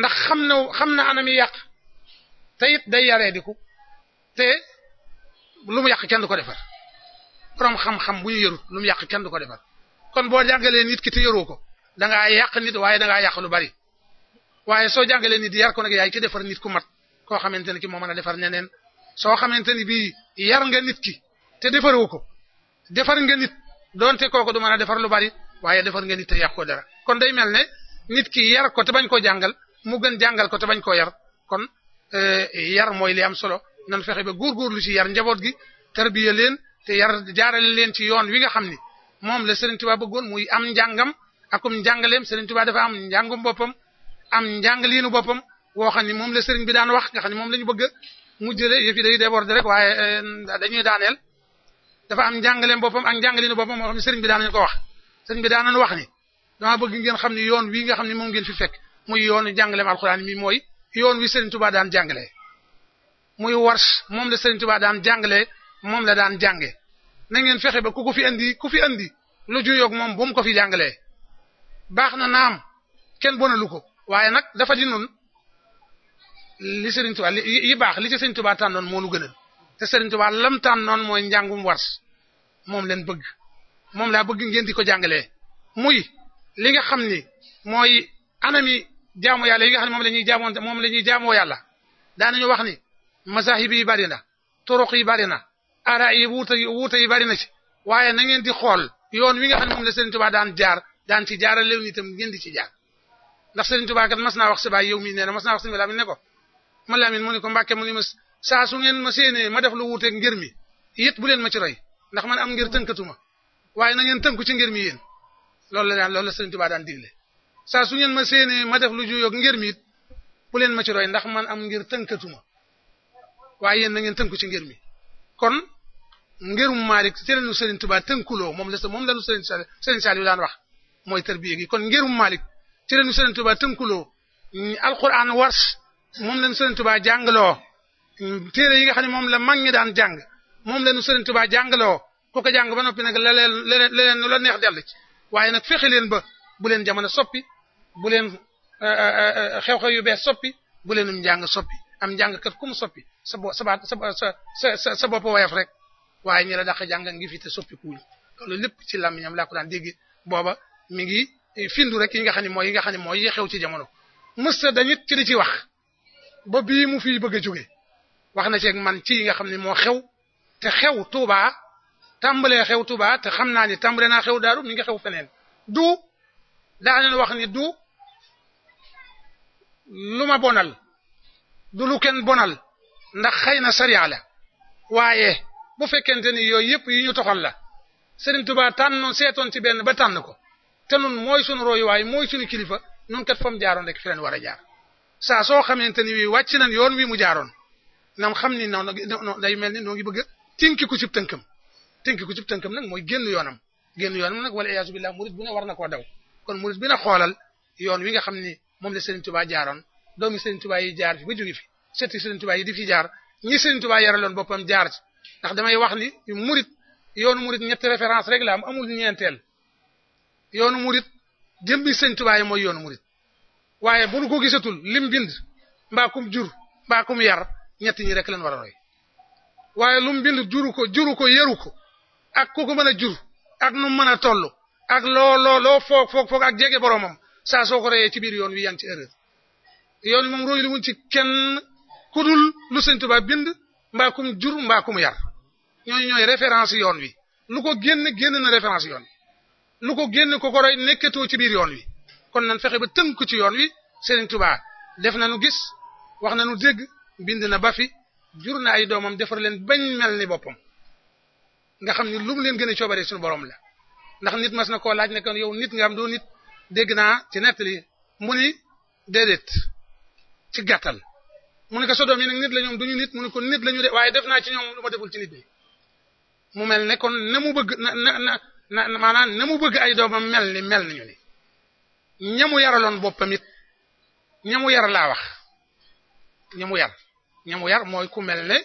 ndax xam na xam na anam yi yàq te it day yaree diku te lu mu yàq kenn du ko defar borom xam-xam bu ñu yarut lu mu yàq kenn du ko defar kon boo jàngalee nit ki te yaroo ko da ngaa yàq nit waaye da ngaa yàq lu bari waaye soo jàngalee nit yar ko nag yaay ki defar nit ku mat. koo xamante ni ki moo a defar ñeneen soo xamante ni bii yar nga nit ki te defaroo ko defar nga nit donte kooku du mën a defar lu bari waaye defar nga nit te yàq ko dara kon day mel ne nit ki yar ko te bañ koo jàngal mu gën jàngal ko te bañ koo yar kon euh, yar mooy li am solo nan fexe ba lu ci yar njaboot gi tarbiya leen te yar jaarale leen ci yoon wi nga xam ni moom la Serigne ba bëggoon muy am njàngam akum njàngaleem Serigne Touba dafa am njàngum boppam am njàngaliinu boppam woo xam ni moom la sëriñ bi daan wax nga xam ni moom la ñu bëgg mu jëlee yëf yi day déborder rek waaye euh, dañuy daaneel dafa am njàngaleem boppam ak njàngalinu boppam moo xam ne sëriñ bi daan nañu ko wax sëriñ bi daan nañu wax ni dama bëgg ngeen xam ni yoon wi nga xam ni moom ngeen fi fekk muy yoonu jàngaleem alxuraan mi mooy yoon wi sëriñ Tuubaa daan jàngalee muy warsh moom la sëriñ Tuubaa daan jàngalee moom la daan jànge na ngeen fexe ba ku ko fi andi ku fi andi lu juyoog moom bu mu ko fi jàngalee baax na naam kenn bonalu ko waaye nag dafa di noonu li Serigne Touba li yi baax li ci Serigne Touba tànnoon moo nu gënal te Serigne tan noon mooy njàngum wars moom leen bëgg moom laa bëgg ngeen di ko jàngalee muy li nga xam ni mooy anami jaamu yàlla yi nga xam ne moom la ñuy jaamoo moom la ñuy jaamoo yàlla daanañu wax ni masahib yi bari na turuq yi bari na ara yi wuute yi wuute yi bari na ci waaye na ngeen di xool yoon wi nga xam ne moom la Serigne Touba daan jaar daan ci jaarale wu ñu itam ngeen di ci jaar ndax Serigne Touba kat mas naa wax si baay nee na mas naa wax ne ko ma Lamine mu ne ko Mbàkke mu ne ma saa su ngeen ma séenee ma def lu wuuteeg ngir mi it bu leen ma ci roy ndax man am ngir tënkatuma waaye na ngeen tënku ci ngir mi yéen loolu la daan loolu la Sëriñ Tuubaa daan digle saa su ngeen ma séenee ma def lu juyoog ngir mi it bu leen ma ci roy ndax man am ngir tënkatuma waaye yéen na ngeen tënku ci ngir mi kon ngirum Maalik ci lañu Sëriñ Tuubaa tënkuloo moom la sa moom la ñu Sëriñ Saliou Sëriñ Saliou daan wax mooy tarbiya gi kon ngirum Maalik ci lañu Sëriñ Tuubaa tënkuloo alquran wars moom lañu Sëriñ Tuubaa jàngaloo téere yi nga xam ne moom la mag ñi daan jàng moom lañu Sëriñ baa jàngaloo ku ko jàng ba noppi nag la leen leneen la neex dellu ci waaye nag fexe leen ba bu leen jamono soppi bu leen euh, euh, euh, xew-xew yu bees soppi bu leen um njàng soppi am njàngkat ku mu soppi sa bo sa sa sa sa bopp woyof rek waaye ñi la daq jàng ngi fi te soppi kuuñ loolu lépp ci làmmiñam laa ko daan dégg booba mi ngi eh, findu rek yi nga xam ne mooy yi nga xam ne mooy xew ci jamono mësta dañit ci di ci wax ba bii mu fii bëgg jóge wax na ceeg man ci yi nga xam ni moo xew te xew Touba tàmbalee xew Touba te xam naa ni tàmbale naa xew daaru mi ngi xew feneen du daa leen wax ni du lu ma bonal du lu kenn bonal ndax xëy na sariya la waaye bu fekkente ni yooyu yëpp yi ñu toxal la Serigne Touba tànnoon seetoon ci benn ba tànn ko te nun mooy sunu royuwaay mooy sunu kilifa nun ket fam jaaroon rek fi leen war a jaar saa soo xamante ni wi wàcc nañ yoon wi mu jaaroon nam xam ni non non day mel ni noo ngi bëgg a tënki ku cib tënkam tënki ku cib tënkam nag mooy génn yoonam génn yoonam nag wala iyaasu billah murid bu ne war na koo daw kon murid bi na xoolal yoon wi nga xam ni moom la Serigne Touba jaaroon doomi Serigne Touba yi jaar fi ba jóge fi setti Serigne yi di fi jaar ñi Serigne Touba yaraloon boppam jaar ci ndax damay wax ni murid yoonu murid ñetti référence rek la am amul ñeenteel yoonu murid jëmbi Serigne Touba yi mooy yoonu murid waaye bu nu ko gisatul lim bind mbaa kum jur mbaa kum yar ñetti ñi rek leen war a roy waaye lum mu bind juru ko juru ko yaru ko ak ku ko mën a jur ak nu mën a toll ak loo loo loo foog foog foog ak jege boromam saa soo ko reyee ci biir yoon wi yaa ci erreur yoon wi moom roy li ci kenn ku lu Sëñ Tuubaa bind mbaa kum jur mbaa kum yar ñooñu ñooy référence yoon wi lu ko génn génn na référence yoon wi lu ko génn ko ko roy nekkatoo ci biir yoon wi kon nan fexe ba tënku ci yoon wi Serigne tubaa def na nu gis wax na nu dégg bind na ba fi jur na ay doomam defar leen bañ mel ni boppam nga xam ni lu leen gën a coobaree suñu borom la ndax nit mas na koo laaj ne kon yow nit nga am doo nit dégg naa ci nettali mu ni déedéet ci gàttal mu ne ko sodoom yi nag nit la ñoom duñu nit mu ne ko nit la ñu de waaye def naa ci ñoom lu ma deful ci nit ñi mu mel ne kon na mu bëgg na na na maanaam na mu bëgg ay doomam mel ni mel nañu ni ñamu yaraloon boppam it ñamu yar laa wax ñamu yar ñamu yar mooy ku mel ne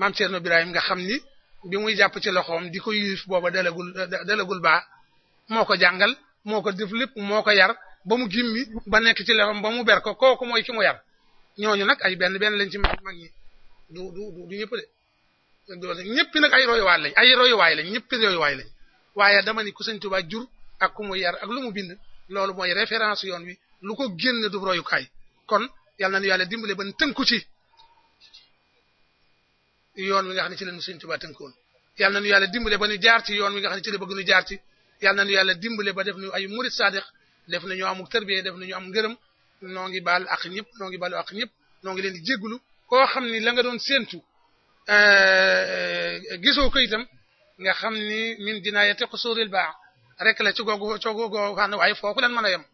maam Thierno Ibrahim nga xam ni bi muy jàpp ci loxoom di ko yilif booba dalagul dalagul baa moo ko jàngal moo ko def moo ko yar ba mu gimmi ba nekk ci lefam ba mu berko ko kooku mooy ki mu yar ñooñu nag ay benn benn lañ ci mag ñi du du ñëpp de ñëpp nag ay royuwaay lañ ay royuwaay lañ ñëpp royuwaay lañ waaye dama ni ku Sëñ Tuubaa ak ku mu yar ak lu mu bind loolu mooy référence yoon wi lu ko génne du royukaay kon yàlla na ñu yàlla dimbale ban tënku ci yoon wi nga xam ci la ñu Sëriñ Tuubaa tënkoon yàlla na ñu yàlla dimbale ba ñu jaar ci yoon wi nga xam ne ci la bëgg ñu jaar ci yàlla na ñu yàlla dimbale ba def ñu ay murid sadiq def na ñu amuk tarbiya def na ñu am gërëm noo ngi baal ak ñëpp noo ngi baalu ak ñëpp noo ngi leen di jéggulu koo xam ni la doon séentu euh, gisoo ko itam nga xam ni min dinaayati qusuril baax rek la ci googu ci googu fànn waaye foofu leen mën a yem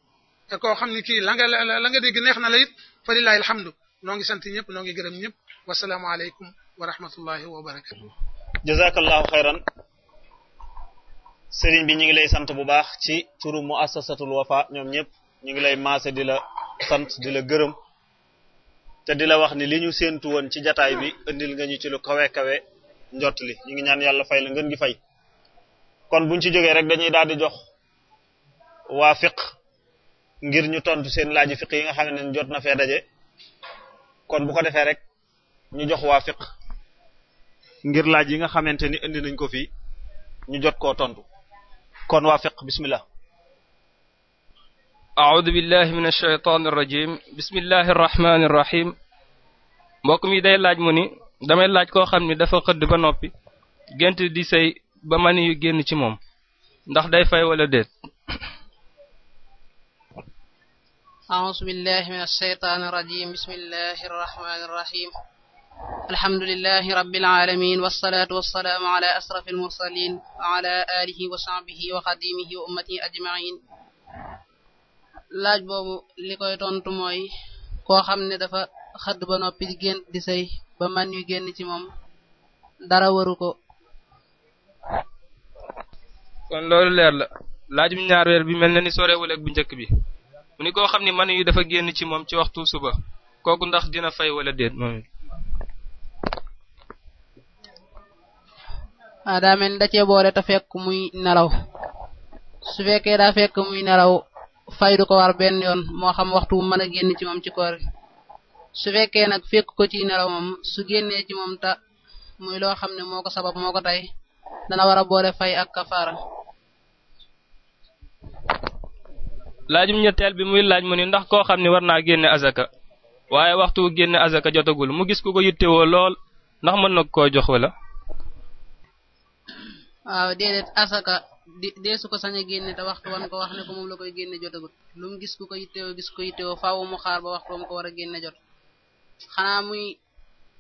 te koo xam ne kii la nga la nga dégg neex na la it fa lillahi alhamdu noo ngi sant ñëpp noo ngi gërëm ñëpp wasalaamaaleykum wa rahmatullahi wa barakatu jazakallahu xayran sëriñ bi ñu ngi lay sant bu baax ci turu muassasatul wafa ñoom ñëpp ñu ngi lay maase di la sant di la gërëm te di la wax ni li ñu séentu woon ci jataay bi indil nga ñu ci lu kawe kawe njott li ñu ngi ñaan yàlla fay la ngeen gi fay kon buñ ci jógee rek dañuy daal di jox waa fiq ngir ñu tontu seen laaj fiq yi nga xam ne jot na fee daje kon bu ko defee rek ñu jox waa fiq ngir laaj yi nga xamante ni indi nañ ko fi ñu jot koo tontu kon waa fiq bismillah a'udhu billahi minash shaitanir rajim bismillahir rahmanir rahim mbokk mi day laaj mu ni damay laaj koo xam ni dafa xëdd ba noppi gént di sëy ba mani yu génn ci moom ndax day fay wala déet أعوذ بالله من الشيطان الرجيم بسم الله الرحمن الرحيم الحمد لله رب العالمين والصلاة والسلام على أشرف المرسلين وعلى آله وصحبه وقديمه وأمته أجمعين laaj boobu li koy tontu mooy koo xam ne dafa xadd ba noppi génn di sëy ba man yu génn ci moom dara waru ko kon loolu leer la laajum ñaareel bi mel na ni sorewul ak bu njëkk bi mu ni koo xam ni man yu dafa génn ci moom ci waxtu suba kooku ndax dina fay wala déet moom it. Ah, mel ni da cee boole te fekk muy nelaw su fekkee daa fekk muy nelaw fay ko war benn yoon moo xam waxtu bu mën a génn ci moom ci koor su fekkee nag fekk ko ci nelaw moom su génnee ci moom ta muy loo xam ne moo ko sabab moo ko tey. dana war a boole fay ak kafaara laajum ñetteel bi muy laaj ma ni ndax koo xam ne war naa génne azaka waaye waxtu génne azaka jotagul mu gis ku ko yittewoo lool ndax mën na koo jox wala waaw déedéet asaka dee su ko sañ a génne te waxtu wan ko wax ne ko moom la koy génne jotagut lu mu gis ku ko yittewoo gis ko yittewoo faaw xaar ba waxtu wam ko war a génne jot xanaa muy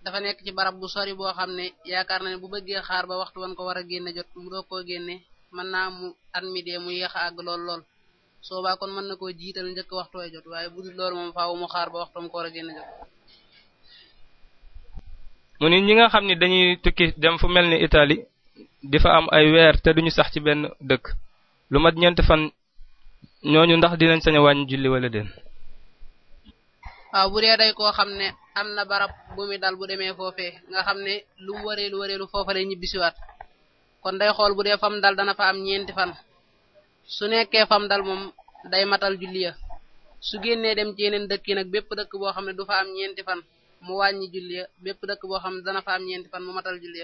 dafa nekk ci barab bu sori boo xam ne yaakaar na ne bu bëggee xaar ba waxtu wan ko war a génne jot mu doo koo génne mën na mu at mi dee mu yéex àgg lool lool soobaa kon mën na koo jiital njëkk waxtu way jot waaye bu dul loolu moom faaw mu xaar ba waxtu mu ko war a génne jot mu ni ñi nga xam ne dañuy tukki dem fu mel ni itali di fa am ay weer te duñu sax ci benn dëkk lu mat ñeenti fan ñooñu ndax dinañ sañ a wàññi julli wala déen waaw ah, bu dee day koo xam ne am na barab bu muy dal bu demee foofee nga xam ne lu mu wareelu wareelu foofa lay ñibbisiwaat kon day xool bu dee fam dal dana fa am ñeenti fan su nekkee fam dal moom day matal julli su génnee dem ci yeneen dëkk nag bépp dëkk boo xam ne du fa am ñeenti fan mu wàññi julli bépp dëkk boo xam ne dana fa am ñeenti fan mu matal julli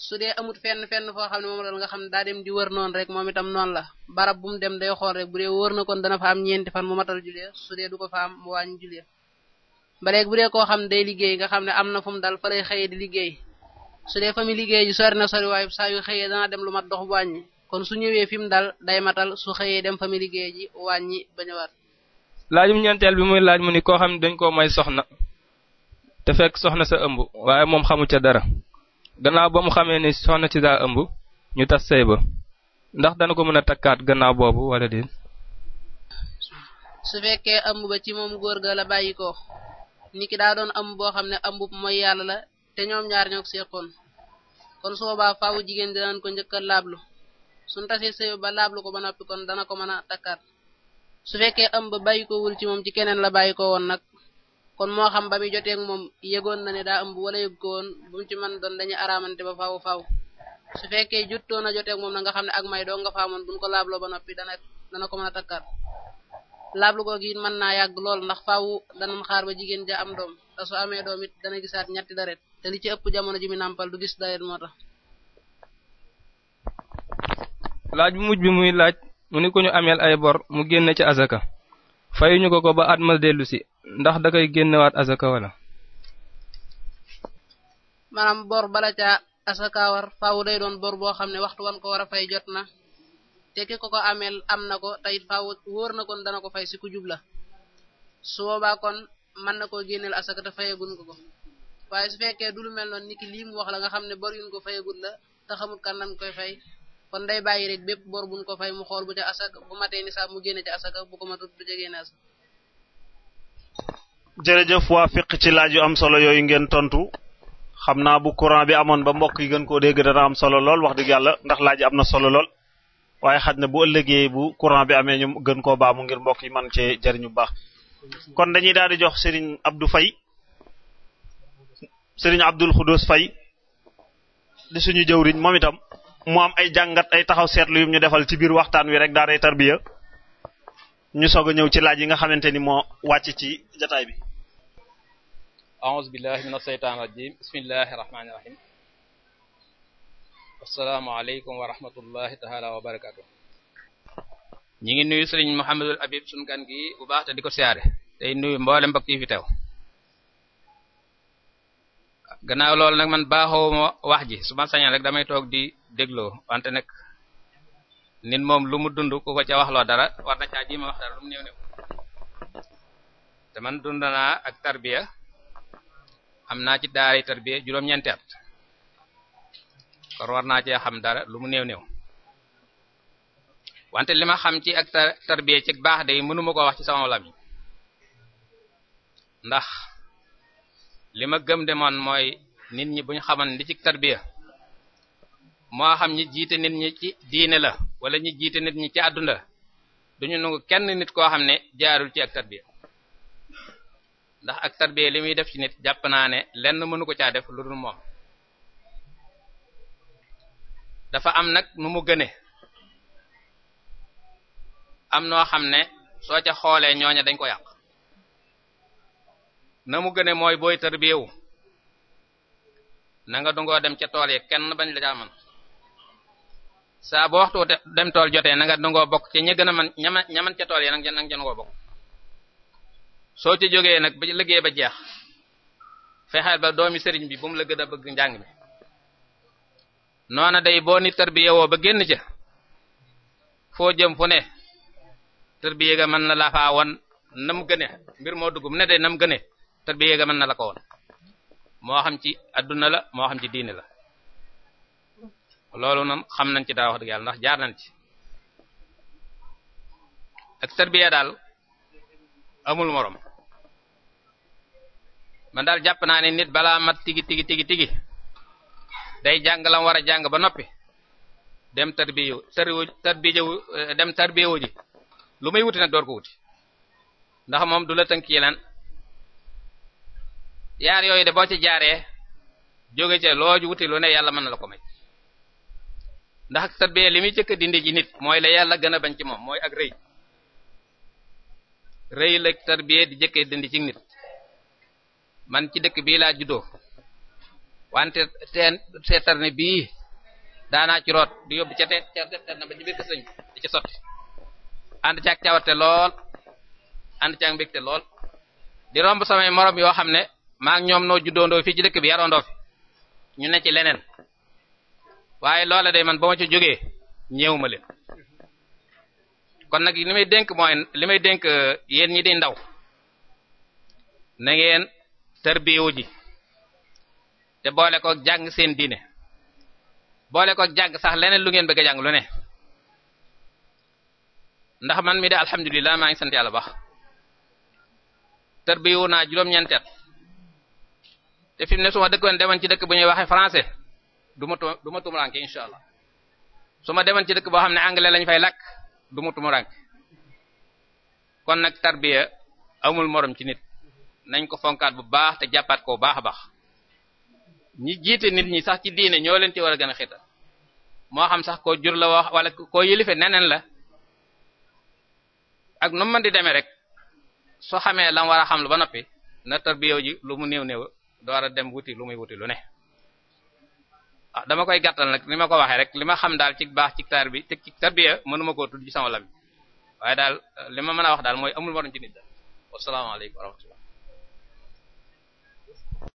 su dee amut fenn fenn foo xam ne moom la nga xam ne daa dem di wër noonu rek moom itam noonu la barab bu mu dem day xool rek bu dee wër na kon dana fa am ñeenti fan mu matal julee su dee du ko fa am mu wàññi julee ba léegi bu dee koo xam ne day liggéey nga xam ne am na fu mu dal fa lay xëyee di liggéey su dee liggéey ji sori na sori waaye saa yu xëyee dana dem lu mat dox bu wàññi su ñëwee fi mu dal day matal su xëyee dem fa mi liggéey ji wàññi ba ñëwaat laajum ñeenteel bi muy laaj mu ni koo xam ne dañ koo may soxna te fekk soxna sa ëmb waaye moom xamu ca dara gannaaw ba mu xamee ni soxna ci daa ëmb ñu tas sëy ba ndax dana ko mën a takkaat gannaaw boobu wala déet. su fekkee ëmb ba ci moom góor ga la bàyyi ko niki daa doon ëmb boo xam ne ëmb mooy yàlla la te ñoom ñaar ñoo ko kon su boobaa faaw jigéen daan ko njëkk a laablu suñ tasee sëy ba laablu ko ba noppi dana ko mën a takkaat su fekkee ëmb ba bàyyi ko wul ci moom ci keneen la bàyyi ko woon nag kon moo xam ba mi jotee moom yegoon na ne daa ëmb wala yëg ko bu mu ci mën doon dañuy araamante ba faaw faaw su fekkee juttoon a jotee ak moom na nga xam ne ak may doo nga faamoon ba noppi dana dana ko mën a takkaat laablu googu it mën naa yàgg lool ndax faaw danañ xaar ba jigéen ja am doom te su amee doom it dana gisaat ñetti daret te li ci ëpp jamono ji mi nàmpal du gis daret moo tax laaj bu mujj bi muy laaj mu ni ko ñu ameel ay bor mu génne ci azaka fayuñu ko ko ba at ma dellu si ndax da koy génnewaat asaka wala maanaam bor bala ca asaka war faawu day doon bor boo xam ne waxtu wan ko war a fay jot na te ki ko ko ameel am na ko tayit faawu wóor na kon dana ko fay si ku jubla su boobaa kon mën na koo génneel asaka te fayagun ko ko waaye su fekkee du lu mel noonu niki lii mu wax la nga xam ne bor yuñ ko fayagut la te xamul kan koy fay kon day bàyyi rek bépp bor ko fay mu xool bu ca asaka bu matee nisaab mu génne ca asaka bu ko matut du ca génne asaka jërëjëf waa fiq ci laaj yu am solo yooyu ngeen tontu xam naa bu courant bi amoon ba mbokk yi gën koo dégg dana am solo lool wax dëgg yàlla ndax laaj am na solo lool waaye xaj na bu ëllëgee bu courant bi amee ñu gën koo baamu ngir mbokk yi man cee jëriñu bu baax kon dañuy daal di jox sëriñ Abdou Faye sëriñ Abdoul suñu jëwriñ moom itam mu ay jàngat ay taxaw seetlu yum ñu defal ci biir waxtaan wi rek daaray tarbiya ñu soog a ñëw ci laaj yi nga xamante ni moo wàcc ci jataay bi a'uuzu billahi min asheytaan rajim bismillahi rahmaani rahim assalaamu aleykum wa rahmatullahi wa barakatuh ñi ngi nuyu sëriñ Mouhamadul Habib sunu gi bu baax te di ko siyaare tey nuyu mboolem mbokk fi teew gannaaw loolu nag man baaxoowuma wax ji su ma sañal rek damay toog di dégloo wante nag nit moom lu mu dund ku ko ca waxloo dara war na caa wax dara lu mu néew néew te man dund naa ak tarbiya am naa ci daaray tarbiya juróom-ñeenti at kon war naa cee xam dara lu mu néew néew wante li ma xam ci ak tarbiya ci baax day mënuma ko wax ci sama lami ndax li ma gëm de man mooy nit ñi buñ xamoon li ci tarbiya moo xam ñi jiite nit ñi ci diine la wala ñi jiite nit ñi ci àdduna duñu nangu kenn nit koo xam ne jaarul ci ak tarbiya ndax ak tarbiya li muy def ci nit jàpp naa ne lenn mënu ko caa def lu dul moom dafa am nag nu mu gëne am noo xam ne soo ca xoolee ñooña dañ ko yàq na mu gëne mooy booy tarbiyewu na nga dungoo dem ca tool yi kenn bañ la caa man saa boo waxtu dem tool jotee na dungoo bokk ci ña na a man ñama ñaman ca tool yi nag nang ca dungoo bokk soo ci jógee nag ba liggéey ba jeex fexeel ba doomi sëriñ bi bu mu la gën a bëgg njàng mi noona day boo ni tarbiyewoo ba génn ca foo jëm fu ne tarbiye ga mën na la faa won gën gëne mbir moo dugg mu ne day nam gëne tarbiya ga man na la ko woon moo xam ci adduna la moo xam ci diine la loolu noonu xam nañ ci daa wax dëgg yàlla ndax jaar nañ ci ak tarbiya daal amul morom man daal jàpp naa ne nit balaa mat tigi tigi tigi day jàng lam war a jàng ba noppi dem tarbiyu tarbiyu tarbiyu eh, dem tarbiyu ji lu muy wuti nag door ko wuti ndax moom du la tënk yi yaar yooyu de boo ci jaaree jóge ca looju wuti lu ne yàlla mën na la ko may ndax sa bee li muy jëkk dindi ji nit mooy la yàlla gën a bañ ci moom mooy ak rëy rëy la tarbiya di jëkkee dindi ci nit man ci dëkk bii laa juddoo wante teen seetarne bii daanaa ci root di yóbbu ca te ca na ba ci biir ka di ci sotti ànd caag cawarte lool and caag mbégte lool di romb samay morom yoo xam ne maak ñoom noo juddoondoo fii ci dëkk bi yaroondoo ñu ne ci leneen waaye loola day man ba ma ci jógee ñëw ma leen kon nag li may dénk mooy li may dénk euh, yéen ñi di ndaw na ngeen tarbiyewu ji te boole ko jàng seen diine boole ko jàng sax leneen lu ngeen bëgg a lu ne ndax man mi de alhamdulilah maa ngi sant yàlla baax tarbiyewu naa juróom-ñeenteel te fi mu ne su ma dëkkoon demoon ci dëkk bu ñuy waxee français du ma du ma tumuranke incha allah su ma demoon ci dëkk boo xam ne anglais lañ fay lakk du ma tumuranke kon nag tarbiya amul morom ci nit nañ ko fonkaat bu baax te jàppaat ko bu baax a baax ñi jiite nit ñi sax ci diine ñoo leen ci war a gën a moo xam sax koo jur la wax wala ko yilife neneen la ak nu mën di demee rek soo xamee la war xam lu ba noppi na tarbiya ji lu mu néew néew door a dem wuti lu muy wuti lu ne ah dama koy gàttal nag li ma ko waxee rek li ma xam daal ci baax ci bi te ci tarbiya mënuma koo tudd ci sama lam waaye daal li ma mën a wax daal mooy amul waruñ ci nit daal wasalaamaaleykum wa rahmatullah